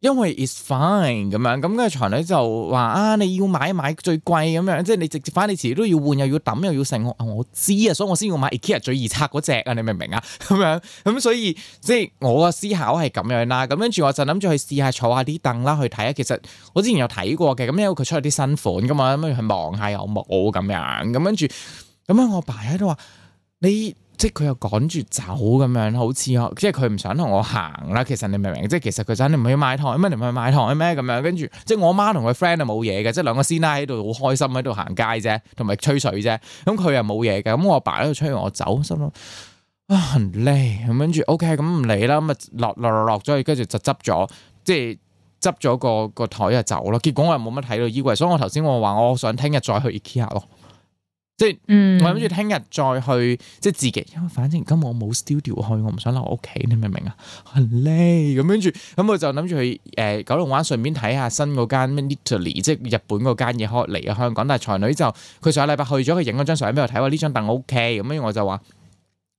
因為 it's fine 咁樣，咁跟住裁女就話啊，你要買買最貴咁樣，即係你直接，反你遲啲都要換又要揼又要成。我，啊我知啊，所以我先要買 IKEA 最易拆嗰隻啊，你明唔明啊？咁樣，咁所以即係我嘅思考係咁樣啦，咁跟住我就諗住去試下坐下啲凳啦，去睇下。其實我之前有睇過嘅，咁因為佢出咗啲新款噶嘛，咁去望下有冇咁樣，咁跟住，咁樣我阿爸喺度話你。即係佢又趕住走咁樣，好似即係佢唔想同我行啦。其實你明唔明？即係其實佢真係唔去買台咩？唔去買台咩咁樣？跟住即係我媽同佢 friend 啊冇嘢嘅，即係兩個師奶喺度好開心喺度行街啫，同埋吹水啫。咁佢又冇嘢嘅。咁我阿爸喺度吹完我走，心諗啊嚟咁跟住 OK，咁唔理啦。咁啊落落落落咗去，跟住就執咗，即係執咗個個枱就走咯。結果我又冇乜睇到衣櫃，所以我頭先我話我想聽日再去 IKEA 咯。即係，我諗住聽日再去，即係自己，因為反正今日我冇 studio 去，我唔想留屋企，你明唔明啊？係咧，咁跟住，咁我就諗住去誒、呃、九龍灣順便睇下新嗰間咩 Nitori，即係日本嗰間嘢開嚟啊香港。但係才女就佢上個禮拜去咗，佢影咗張相俾我睇，話呢張凳 OK，咁跟住我就話。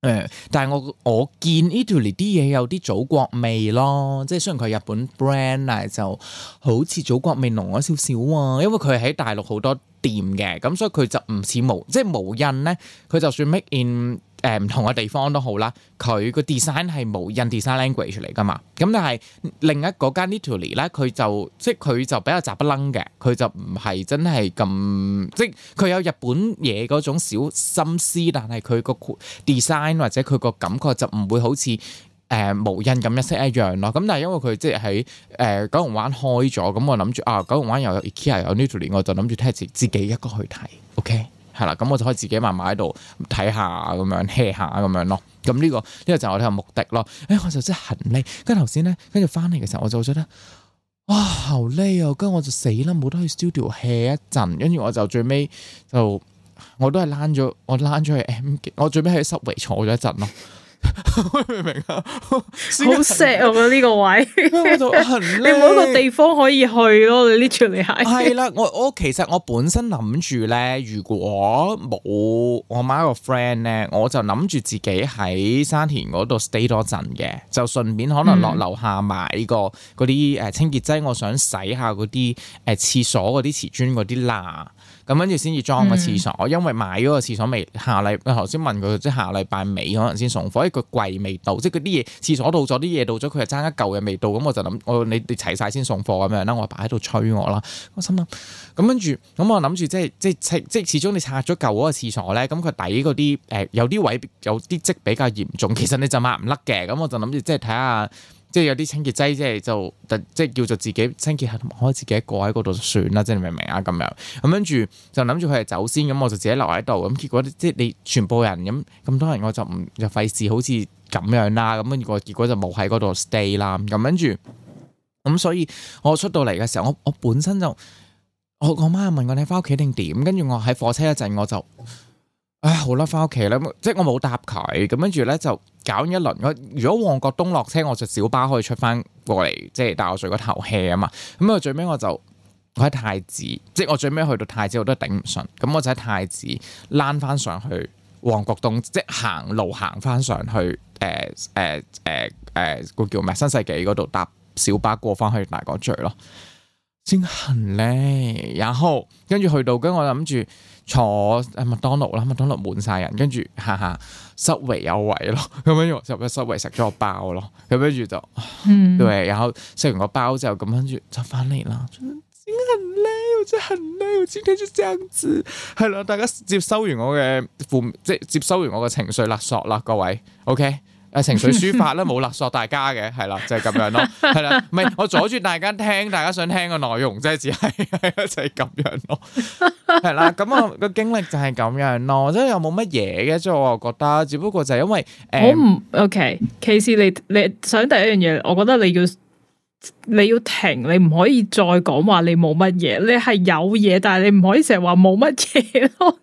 誒、嗯，但係我我見 Italy 啲嘢有啲祖國味咯，即係雖然佢係日本 brand，但係就好似祖國味濃咗少少啊，因為佢喺大陸好多店嘅，咁所以佢就唔似無即係無印咧，佢就算 make in。誒唔、嗯、同嘅地方都好啦，佢個 design 係無印 design language 嚟㗎嘛。咁但係另一嗰間 Nitori 咧，佢就即係佢就比較雜不楞嘅，佢就唔係真係咁，即係佢有日本嘢嗰種小心思，但係佢個 design 或者佢個感覺就唔會好似誒、呃、無印咁一式一樣咯。咁但係因為佢即係喺誒九龍灣開咗，咁我諗住啊九龍灣又有 IKEA 又有 Nitori，我就諗住聽日自自己一個去睇，OK？係啦，咁、 <music> 嗯、我就可以自己慢慢喺度睇下咁樣 hea 下咁樣咯。咁呢個呢個就我哋嘅目的咯。誒，我就真係痕呢。跟住頭先咧，跟住翻嚟嘅時候，我就覺得哇好嚨啊！」跟住我就死啦，冇得去 studio hea 一陣。跟住我就最尾就我都係攔咗，我攔咗去 M 我最尾喺室圍坐咗一陣咯。我明啊，好石啊！我呢個位， <laughs> <laughs> <laughs> 你冇一個地方可以去咯。你呢出嚟，係係啦，我我其實我本身諗住咧，如果冇我媽個 friend 咧，我就諗住自己喺山田嗰度 stay 多陣嘅，就順便可能落樓下買個嗰啲誒清潔劑，我想洗下嗰啲誒廁所嗰啲瓷磚嗰啲罅。咁跟住先至裝個廁所，因為買嗰個廁所未下禮，頭先問佢即係下禮拜尾可能先送貨，因為佢櫃未到，即係嗰啲嘢廁所到咗啲嘢到咗，佢係爭一舊嘅未到。咁我就諗我你哋齊晒先送貨咁樣啦。我阿爸喺度催我啦，我心諗咁跟住，咁我諗住即係即係即係始終你拆咗舊嗰個廁所咧，咁佢底嗰啲誒有啲位有啲積比較嚴重，其實你就抹唔甩嘅，咁我就諗住即係睇下。即係有啲清潔劑，即係就即係叫做自己清潔可以自己一個喺嗰度算啦，即係明唔明啊？咁樣咁跟住就諗住佢係走先，咁我就自己留喺度。咁結果即係你全部人咁咁多人，我就唔就費事好似咁樣啦。咁跟住個結果就冇喺嗰度 stay 啦。咁跟住咁所以我出到嚟嘅時候，我我本身就我我媽又問我你翻屋企定點？跟住我喺火車一陣我就。唉，好啦，翻屋企啦，即係我冇搭佢，咁跟住咧就搞一輪。如果旺角東落車，我就小巴可以出翻過嚟，即係大角咀嗰頭 hea 啊嘛。咁啊，最尾我就喺太子，即係我最尾去到太子，我都頂唔順。咁我就喺太子躝翻上去旺角東，即係行路行翻上去，誒誒誒誒，個、呃呃呃呃呃、叫咩？新世紀嗰度搭小巴過翻去大角咀咯，先行咧，然後跟住去到，跟住我諗住。坐喺麥當勞啦，麥當勞滿晒人，跟住哈哈，收尾有位咯，咁樣就入咗收尾食咗個包咯，咁跟住就，嗯，對，然後食完個包之後，咁跟住就翻嚟啦，真係好攰，我真係好攰，我今天就這樣子，係啦，大家接收完我嘅負，即係接收完我嘅情緒勒索啦，各位，OK。啊，情緒抒發啦，冇 <laughs> 勒索大家嘅，係啦，就係咁樣咯，係啦，唔係我阻住大家聽，大家想聽嘅內容啫，只係就係咁樣咯，係啦，咁我個經歷就係咁樣咯，即係又冇乜嘢嘅，即係我又覺得有有，只不過就係因為誒，好唔 OK。其實你你想第一樣嘢，我覺得你要。你要停，你唔可以再講話你冇乜嘢，你係有嘢，但係你唔可以成日話冇乜嘢咯。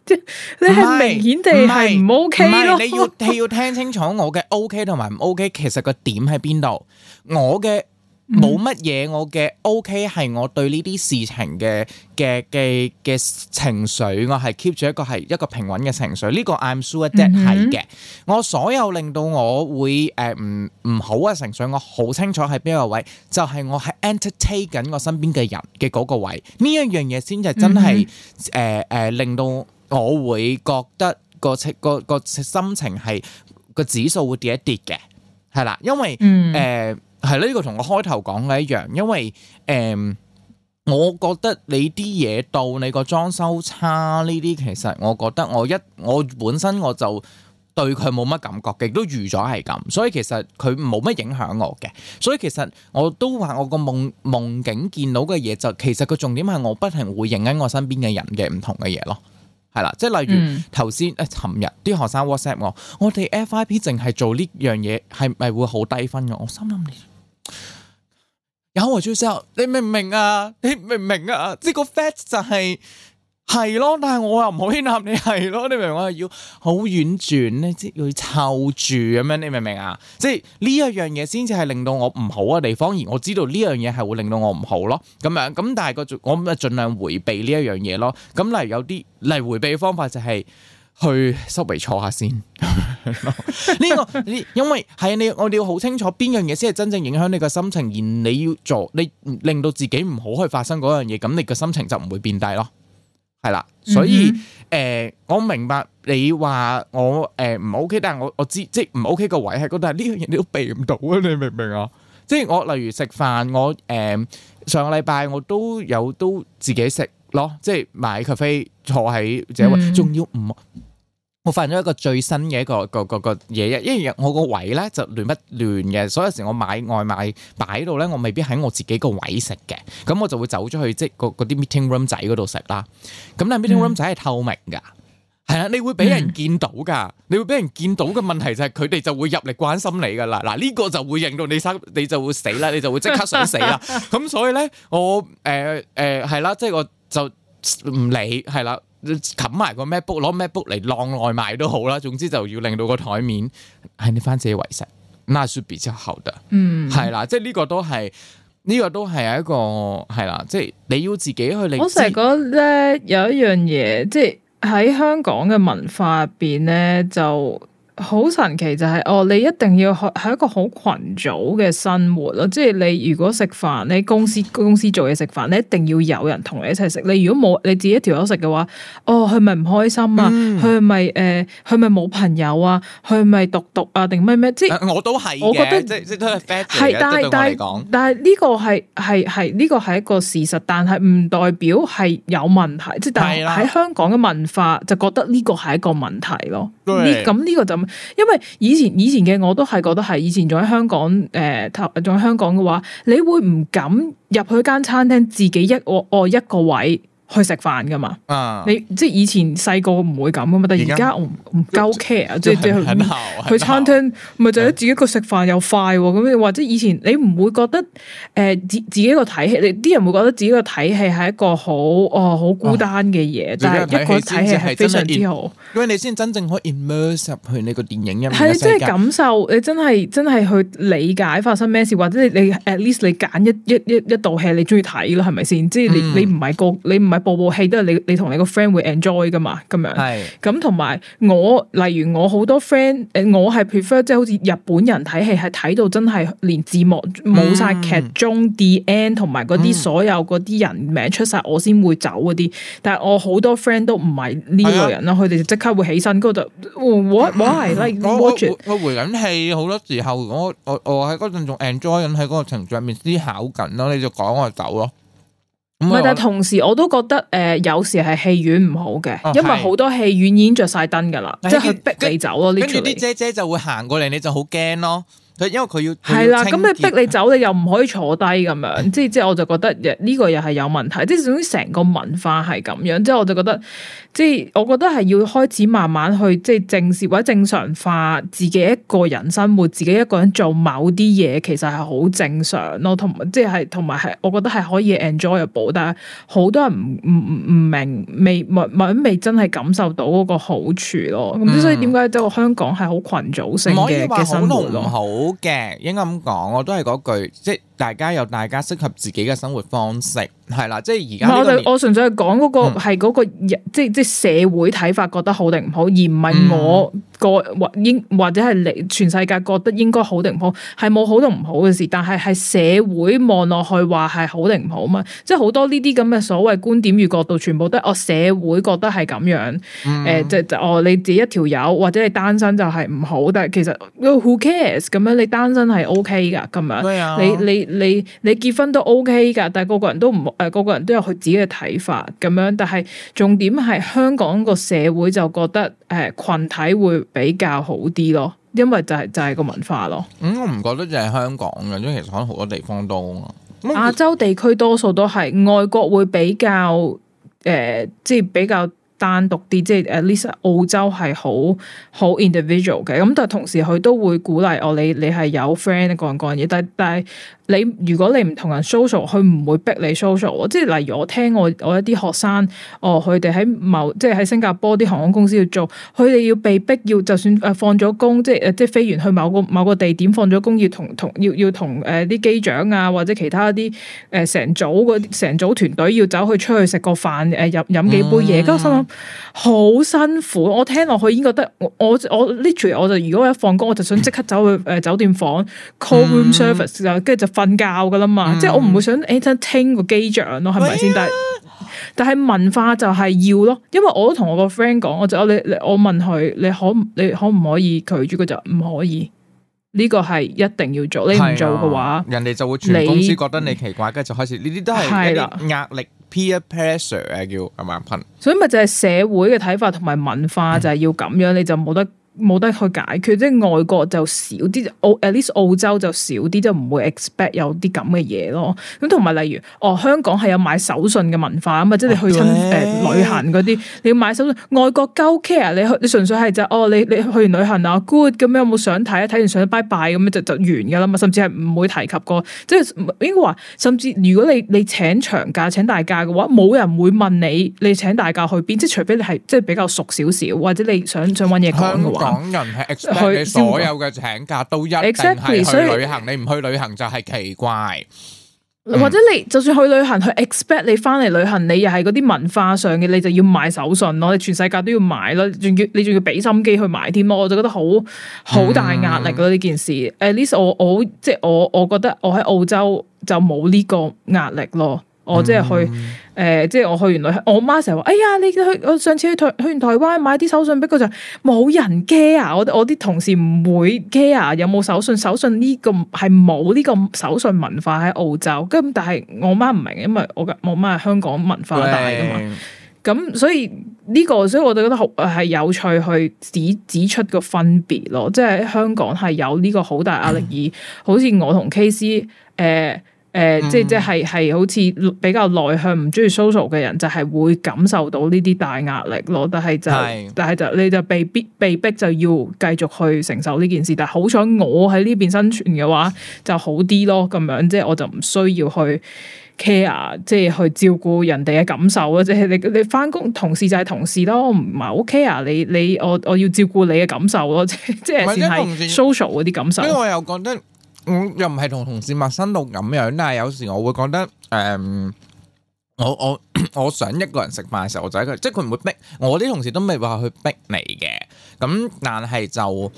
你係明顯地係唔 OK 咯，你要你要聽清楚我嘅 OK 同埋唔 OK，其實個點喺邊度？我嘅。冇乜嘢，我嘅 OK 係我對呢啲事情嘅嘅嘅嘅情緒，我係 keep 住一個係一個平穩嘅情緒。呢個 I'm sure that 係嘅、嗯哼。我所有令到我會誒唔唔好嘅情緒，我好清楚係邊個位，就係我係 entertain 緊我身邊嘅人嘅嗰個位。呢一樣嘢先至真係誒誒，令到我會覺得、嗰個、嗰個、嗰個心情係、嗰個指數會跌一跌嘅，係啦，因為誒。嗯呃係呢個同我開頭講嘅一樣，因為誒、嗯，我覺得你啲嘢到你個裝修差呢啲，其實我覺得我一我本身我就對佢冇乜感覺，亦都預咗係咁，所以其實佢冇乜影響我嘅。所以其實我都話我個夢夢境見到嘅嘢，就其實個重點係我不停會影響我身邊嘅人嘅唔同嘅嘢咯。係、嗯、啦，即係例如頭先誒，尋日啲學生 WhatsApp 我，我哋 FIP 淨係做呢樣嘢係咪會好低分嘅？我心諗 <noise> 有後我就知你明唔明啊？你明唔明啊？即係個 fact 就係係咯，但係我又唔可以諗你係咯，你明唔明我啊？要好婉轉咧，即要湊住咁樣，你明唔明啊？即係呢一樣嘢先至係令到我唔好嘅地方，而我知道呢樣嘢係會令到我唔好咯。咁樣咁，但係個我咪盡量回避呢一樣嘢咯。咁例如有啲嚟回避嘅方法就係、是。去收圍坐下先，呢個呢，因為係 <laughs> 你我哋要好清楚邊樣嘢先係真正影響你個心情，而你要做，你令到自己唔好去發生嗰樣嘢，咁你嘅心情就唔會變低咯。係 <laughs> 啦，所以誒、呃，我明白你話我誒唔、呃、OK，但係我我知即係唔 OK 個位喺嗰度，但係呢樣嘢你都避唔到啊！你明唔明啊？即 <laughs> 係我例如食飯，我誒、呃、上個禮拜我都有都自己食咯，即係買咖啡坐喺自己位，仲 <laughs> 要唔？我發現咗一個最新嘅一個個個個嘢，因為我個位咧就亂不亂嘅，所以有時我買外賣擺喺度咧，我未必喺我自己個位食嘅，咁我就會走咗去即係個個啲 meeting room 仔嗰度食啦。咁但係 meeting room 仔係透明噶，係啊，你會俾人見到噶，你會俾人見到嘅問題就係佢哋就會入嚟關心你噶啦。嗱呢個就會令到你生，你就會死啦，你就會即刻想死啦。咁所以咧，我誒誒係啦，即係我就唔理係啦。冚埋個 MacBook，攞 MacBook 嚟浪外賣都好啦。總之就要令到個台面係你翻自己為實，那是比較好的。嗯，係啦，即係呢個都係呢、呢個都係一個係啦，即係你要自己去。我成日覺得咧有一樣嘢，即係喺香港嘅文化入邊咧就。好神奇就係、是、哦，你一定要係係一個好群組嘅生活咯，即係你如果食飯，你公司公司做嘢食飯，你一定要有人同你一齊食。你如果冇你自己一條友食嘅話，哦，佢咪唔開心啊，佢咪誒，佢咪冇朋友啊，佢咪獨獨啊定咩咩？即我都係，我覺得即係但係但係呢個係係係呢個係一個事實，但係唔代表係有問題，即係的但係喺香港嘅文化就覺得呢個係一個問題咯。咁呢對、呢個就，因為以前以前嘅我都係覺得係，以前仲喺香港誒，仲、呃、喺香港嘅話，你會唔敢入去間餐廳自己一我我一個位。去食飯噶嘛？你即係以前細個唔會咁噶嘛，但係而家我唔夠 care，即即去餐廳，咪就得自己個食飯又快咁，你或者以前你唔會覺得誒自己個睇戲，你啲人會覺得自己個睇戲係一個好哦好孤單嘅嘢，但係一個睇戲係非常之好，因為你先真正可以 immerse 入去你個電影入面嘅世界。係啊，即係感受，你真係真係去理解發生咩事，或者你你 at least 你揀一一一一道戲你中意睇咯，係咪先？即係你你唔係個你唔係。部部戲都係你你同你個 friend 會 enjoy 噶嘛，咁樣，咁同埋我，例如我好多 friend，誒，我係 prefer 即係好似日本人睇戲係睇到真係連字幕冇晒劇中 the end 同埋嗰啲所有嗰啲人名出晒，嗯、我先會走嗰啲。但係我好多 friend 都唔係呢類人啦，佢哋就即刻會起身，覺得 what why、like, watch 我回緊戲，好多時候我我我喺嗰陣仲 enjoy 緊喺嗰個程序入面思考緊咯，你就講我走咯。唔係、嗯，但係同時我都覺得誒、呃，有時係戲院唔好嘅，哦、因為好多戲院已經着晒燈㗎喇，的即係佢逼你走咯。跟住啲姐姐就會行過嚟，你就好驚咯。因為佢要係啦，咁你逼你走，你又唔可以坐低咁樣，即係即係我就覺得，呢個又係有問題，即係總之成個文化係咁樣，即係我就覺得，即係我覺得係要開始慢慢去即係正視或者正常化自己一個人生活，自己一個人做某啲嘢，其實係好正常咯，同埋，即係同埋係，我覺得係可以 enjoyable，但係好多人唔唔唔明，未未，未，未，未真係感受到嗰個好處咯，咁、嗯、所以點解到香港係好群組性嘅嘅生活？好嘅，應該咁講，我都係嗰句，即係大家有大家適合自己嘅生活方式，係啦，即係而家。我我純粹係講嗰個係嗰、嗯嗰個，即即社會睇法覺得好定唔好，而唔係我個或應或者係你全世界覺得應該好定唔好，係冇好定唔好嘅事，但係係社會望落去話係好定唔好嘛，即係好多呢啲咁嘅所謂觀點與角度，全部都係我、哦、社會覺得係咁樣，誒就就你自己一條友或者你單身就係唔好，但係其實 who cares 咁樣。你單身係 O K 噶咁樣， <noise> 你你你你結婚都 O K 噶，但係個個人都唔誒，個、呃、個人都有佢自己嘅睇法咁樣。但係重點係香港個社會就覺得誒、呃、群體會比較好啲咯，因為就係、是、就係、是、個文化咯。嗯，我唔覺得就係香港嘅，因為其實可能好多地方都亞洲地區多數都係外國會比較誒、呃，即係比較。單獨啲，即係誒，至少澳洲係好好 individual 嘅，咁但係同時佢都會鼓勵哦，你你係有 friend 一個人個人嘢，但但係你如果你唔同人 social，佢唔會逼你 social。即係例如我聽我我一啲學生，哦，佢哋喺某即係喺新加坡啲航空公司要做，佢哋要被逼要就算誒放咗工，即係誒即係飛完去某個某個地點放咗工，要同同要要同誒啲機長啊或者其他啲誒成組嗰成組團隊要走去出去出去食個飯誒、呃，飲飲幾杯嘢，咁心諗。Hmm. 好辛苦，我聽落去已經覺得我我我 literally 我就如果我一放工我就想即刻走去誒酒店房 <laughs> call room service 啊，跟住就瞓覺噶啦嘛， <laughs> 即係我唔會想 entertain 個機長咯，係咪先？但係但係文化就係要咯，因為我都同我個 friend 講，我就你你我問佢，你可唔？你可唔可以拒絕？佢就唔可以。呢個係一定要做，你唔做嘅話，啊、人哋就會全公司覺得你奇怪，跟住你就開始呢啲都係壓力、啊、peer pressure 啊叫係咪啊？所以咪就係社會嘅睇法同埋文化就係要咁樣，嗯、你就冇得。冇得去解決，即係外國就少啲，澳 at least 澳洲就少啲，即係唔會 expect 有啲咁嘅嘢咯。咁同埋例如，哦，香港係有買手信嘅文化，吖嘛，即係你去親誒、呃、旅行嗰啲，你要買手信。外國 go care 你去，你純粹係就是、哦，你你去完旅行啊 good 咁樣有冇想睇啊？睇完相 bye bye 咁樣就就完噶啦嘛。甚至係唔會提及過，即係應該話，甚至如果你你請長假請大假嘅話，冇人會問你你請大假去邊，即係除非你係即係比較熟少少，或者你想想揾嘢講嘅話。 <laughs> 港人係 expect 你所有嘅請假都一定係去旅行，exactly, 你唔去旅行就係奇怪。或者你就算去旅行，嗯、去 expect 你翻嚟旅行，你又係嗰啲文化上嘅，你就要買手信咯。你全世界都要買咯，仲要你仲要俾心機去買添咯。我就覺得好好大壓力咯呢、嗯、件事。至少我我即係我我覺得我喺澳洲就冇呢個壓力咯。我即係去，誒、呃，即係我去原來，我媽成日話：哎呀，你去上次去台去完台灣買啲手信俾佢就冇人 care，我我啲同事唔會 care 有冇手信。手信呢個係冇呢個手信文化喺澳洲。根本但係我媽唔明，因為我我媽係香港文化大噶嘛，咁喂所以呢個，所以我哋覺得係有趣去指指出個分別咯。即係喺香港係有呢個好大壓力，而、嗯、好似我同 K C 誒、呃。誒，呃嗯、即即係係好似比較內向，唔中意 social 嘅人，就係會感受到呢啲大壓力咯。但係就係但係就你就被逼被逼就要繼續去承受呢件事。但係好彩我喺呢邊生存嘅話，就好啲咯。咁樣即係我就唔需要去 care，即係去照顧人哋嘅感受咯。即係你你返工同事就係同事咯，唔係好 care 你你我我要照顧你嘅感受咯，即即係 social 嗰啲感受。所以我又覺得。我又唔係同同事陌生到咁樣，但係有時我會覺得，誒、嗯，我我 <coughs> 我想一個人食飯嘅時候，我就喺佢，即係佢唔會逼我啲同事都未話去逼你嘅，咁但係就，誒、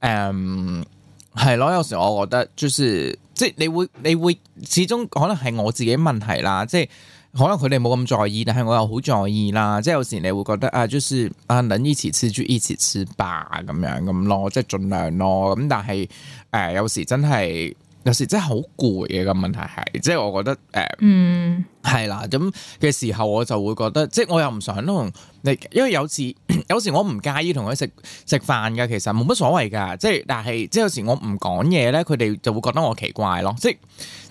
嗯，係咯，有時我覺得就是，即係你會你會始終可能係我自己問題啦，即係。可能佢哋冇咁在意，但係我又好在意啦。即係有時你會覺得啊，就是啊，能一齊吃就一齊吃吧，咁樣咁咯，即係盡量咯。咁但係誒、呃，有時真係，有時真係好攰嘅。個問題係，即係我覺得誒，呃、嗯。係啦，咁嘅時候我就會覺得，即係我又唔想同你，因為有次 <coughs> 有時我唔介意同佢食食飯噶，其實冇乜所謂噶，即係但係即係有時我唔講嘢咧，佢哋就會覺得我奇怪咯。即係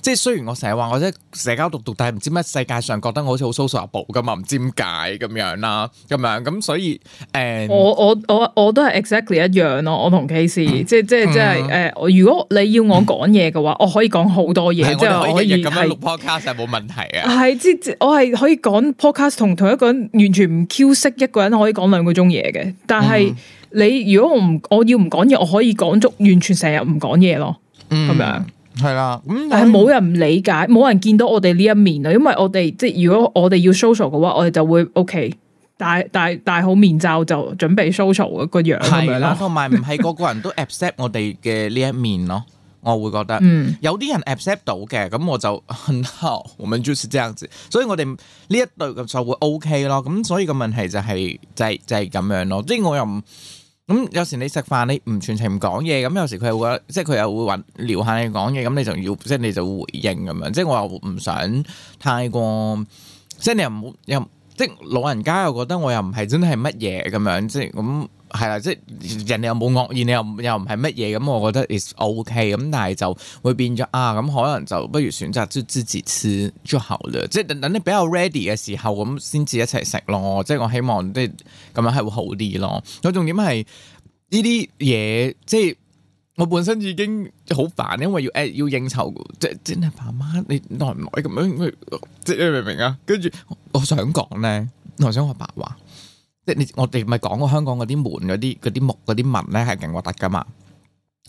即係雖然我成日話我即社交毒毒，但係唔知乜世界上覺得我好似好 sociable 噶嘛，唔知點解咁樣啦，咁樣咁所以誒、嗯，我我我我都係 exactly 一樣咯，我同 case、嗯、即係即係即係誒，嗯、如果你要我講嘢嘅話，嗯、我可以講好多嘢噶，即是我可以係錄 podcast 冇問題啊。係，即我係可以講 podcast 同同一個人完全唔 Q 識一個人可以講兩個鐘嘢嘅，但係你如果我唔我要唔講嘢，我可以講足完全成日唔講嘢咯，咁樣係啦。但係冇人唔理解，冇、嗯、人見到我哋呢一面啊，因為我哋即係如果我哋要 social 嘅話，我哋就會 O、okay, K，戴戴戴好面罩就準備 social 個樣係咪？啦是、啊吧。同埋唔係個個人 <laughs> 都 accept 我哋嘅呢一面咯。我會覺得、嗯、有啲人 accept 到嘅，咁我就 no, 我哋就係咁樣子，所以我哋呢一對就會 OK 咯。咁所以個問題就係、是、就係、是、就係、是、咁樣咯。即係我又唔咁，有時你食飯，你唔全程唔講嘢，咁有時佢又會話即係佢又會撩下你講嘢，咁你就要即係你就回應咁樣。即係我又唔想太過，即係你又唔好，又即係老人家又覺得我又唔係真係乜嘢咁樣，即係咁。嗯係啦，即係人哋又冇惡意，你又又唔係乜嘢，咁我覺得 is OK。咁但係就會變咗啊，咁可能就不如選擇自己吃出口啦，即係等你比較 ready 嘅時候，咁先至一齊食咯。即係我希望即係咁樣係會好啲咯。有重點係呢啲嘢，即係我本身已經好煩，因為要 add, 要應酬，即係真係爸媽，你耐唔耐咁樣，即係你明唔明啊？跟住我想講咧，我想學白話。我即係你，我哋咪講過香港嗰啲門嗰啲啲木嗰啲紋咧係勁核突噶嘛，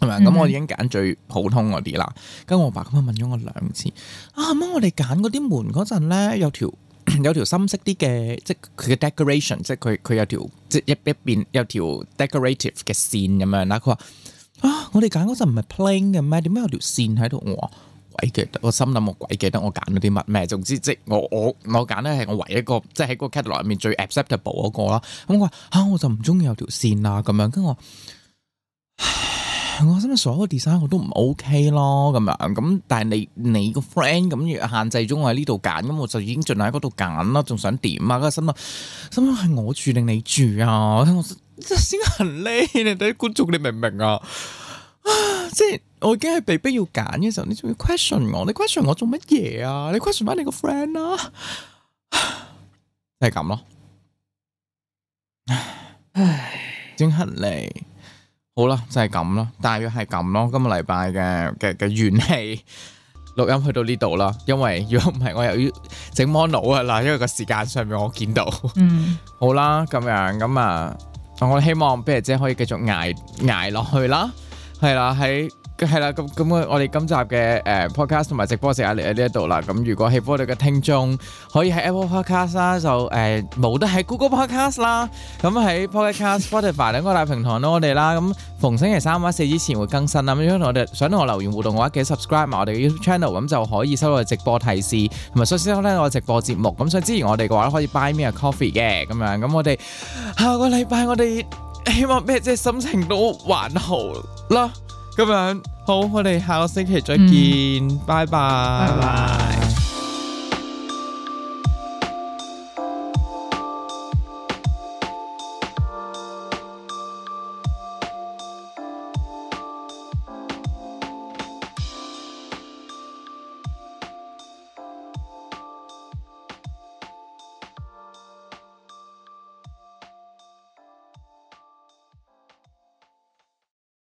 係咪？咁我已經揀最普通嗰啲啦。跟住我爸咁樣問咗我兩次，啊媽、嗯！我哋揀嗰啲門嗰陣咧有條有條深色啲嘅，即係佢嘅 decoration，即係佢佢有條即係一一邊有條 decorative 嘅線咁樣啦。佢話啊，我哋揀嗰陣唔係 plain 嘅咩？點解有條線喺度我？鬼記得，我心諗我鬼記得我揀咗啲乜咩，總之即我我我揀咧係我唯一一個即係喺嗰個 catalog 裏面最 acceptable 嗰、嗰個啦。咁、嗯、我話吓、啊，我就唔中意有條線啊，咁樣。跟我唉我心諗所有 design 我都唔 ok 咯，咁樣咁。但係你你個 friend 咁限制咗我喺呢度揀，咁、嗯、我就已經盡量喺嗰度揀啦，仲想點啊？咁我心諗心諗係我住定你住啊，即係先恨你，你對觀眾你明唔明啊？啊！即係我已經係被逼要揀嘅時候，你仲要 question 我？你 question 我做乜嘢啊？你 question 翻你個 friend 啦，係咁咯。唉，真係你好啦，就係咁咯，大約係咁咯。今個禮拜嘅嘅嘅元氣錄音去到呢度啦，因為如果唔係我又要整 mono 噶啦，因為個時間上面我見到。嗯。好啦，咁樣咁啊，我希望貝姐可以繼續挨挨落去啦。係啦，喺係啦，咁咁我我哋今集嘅誒 podcast 同埋直播就喺嚟喺呢一度啦。咁如果喺我哋嘅聽眾可以喺 Apple Podcast 啦，就誒冇得喺 Google Podcast 啦。咁喺 Podcast Spotify 兩個大平台囉我哋啦。咁逢星期三、一四之前會更新啦。咁如果同我哋上到我留言互動嘅話，記得 subscribe 埋我哋嘅 YouTube channel，咁就可以收到直播提示同埋率先收聽我直播節目。咁所以之前我哋嘅話可以 buy me a coffee 嘅咁樣。咁我哋下個禮拜我哋希望咩？即係心情都還好。啦，咁樣好，我哋下個星期再見，嗯、拜拜。拜拜拜拜。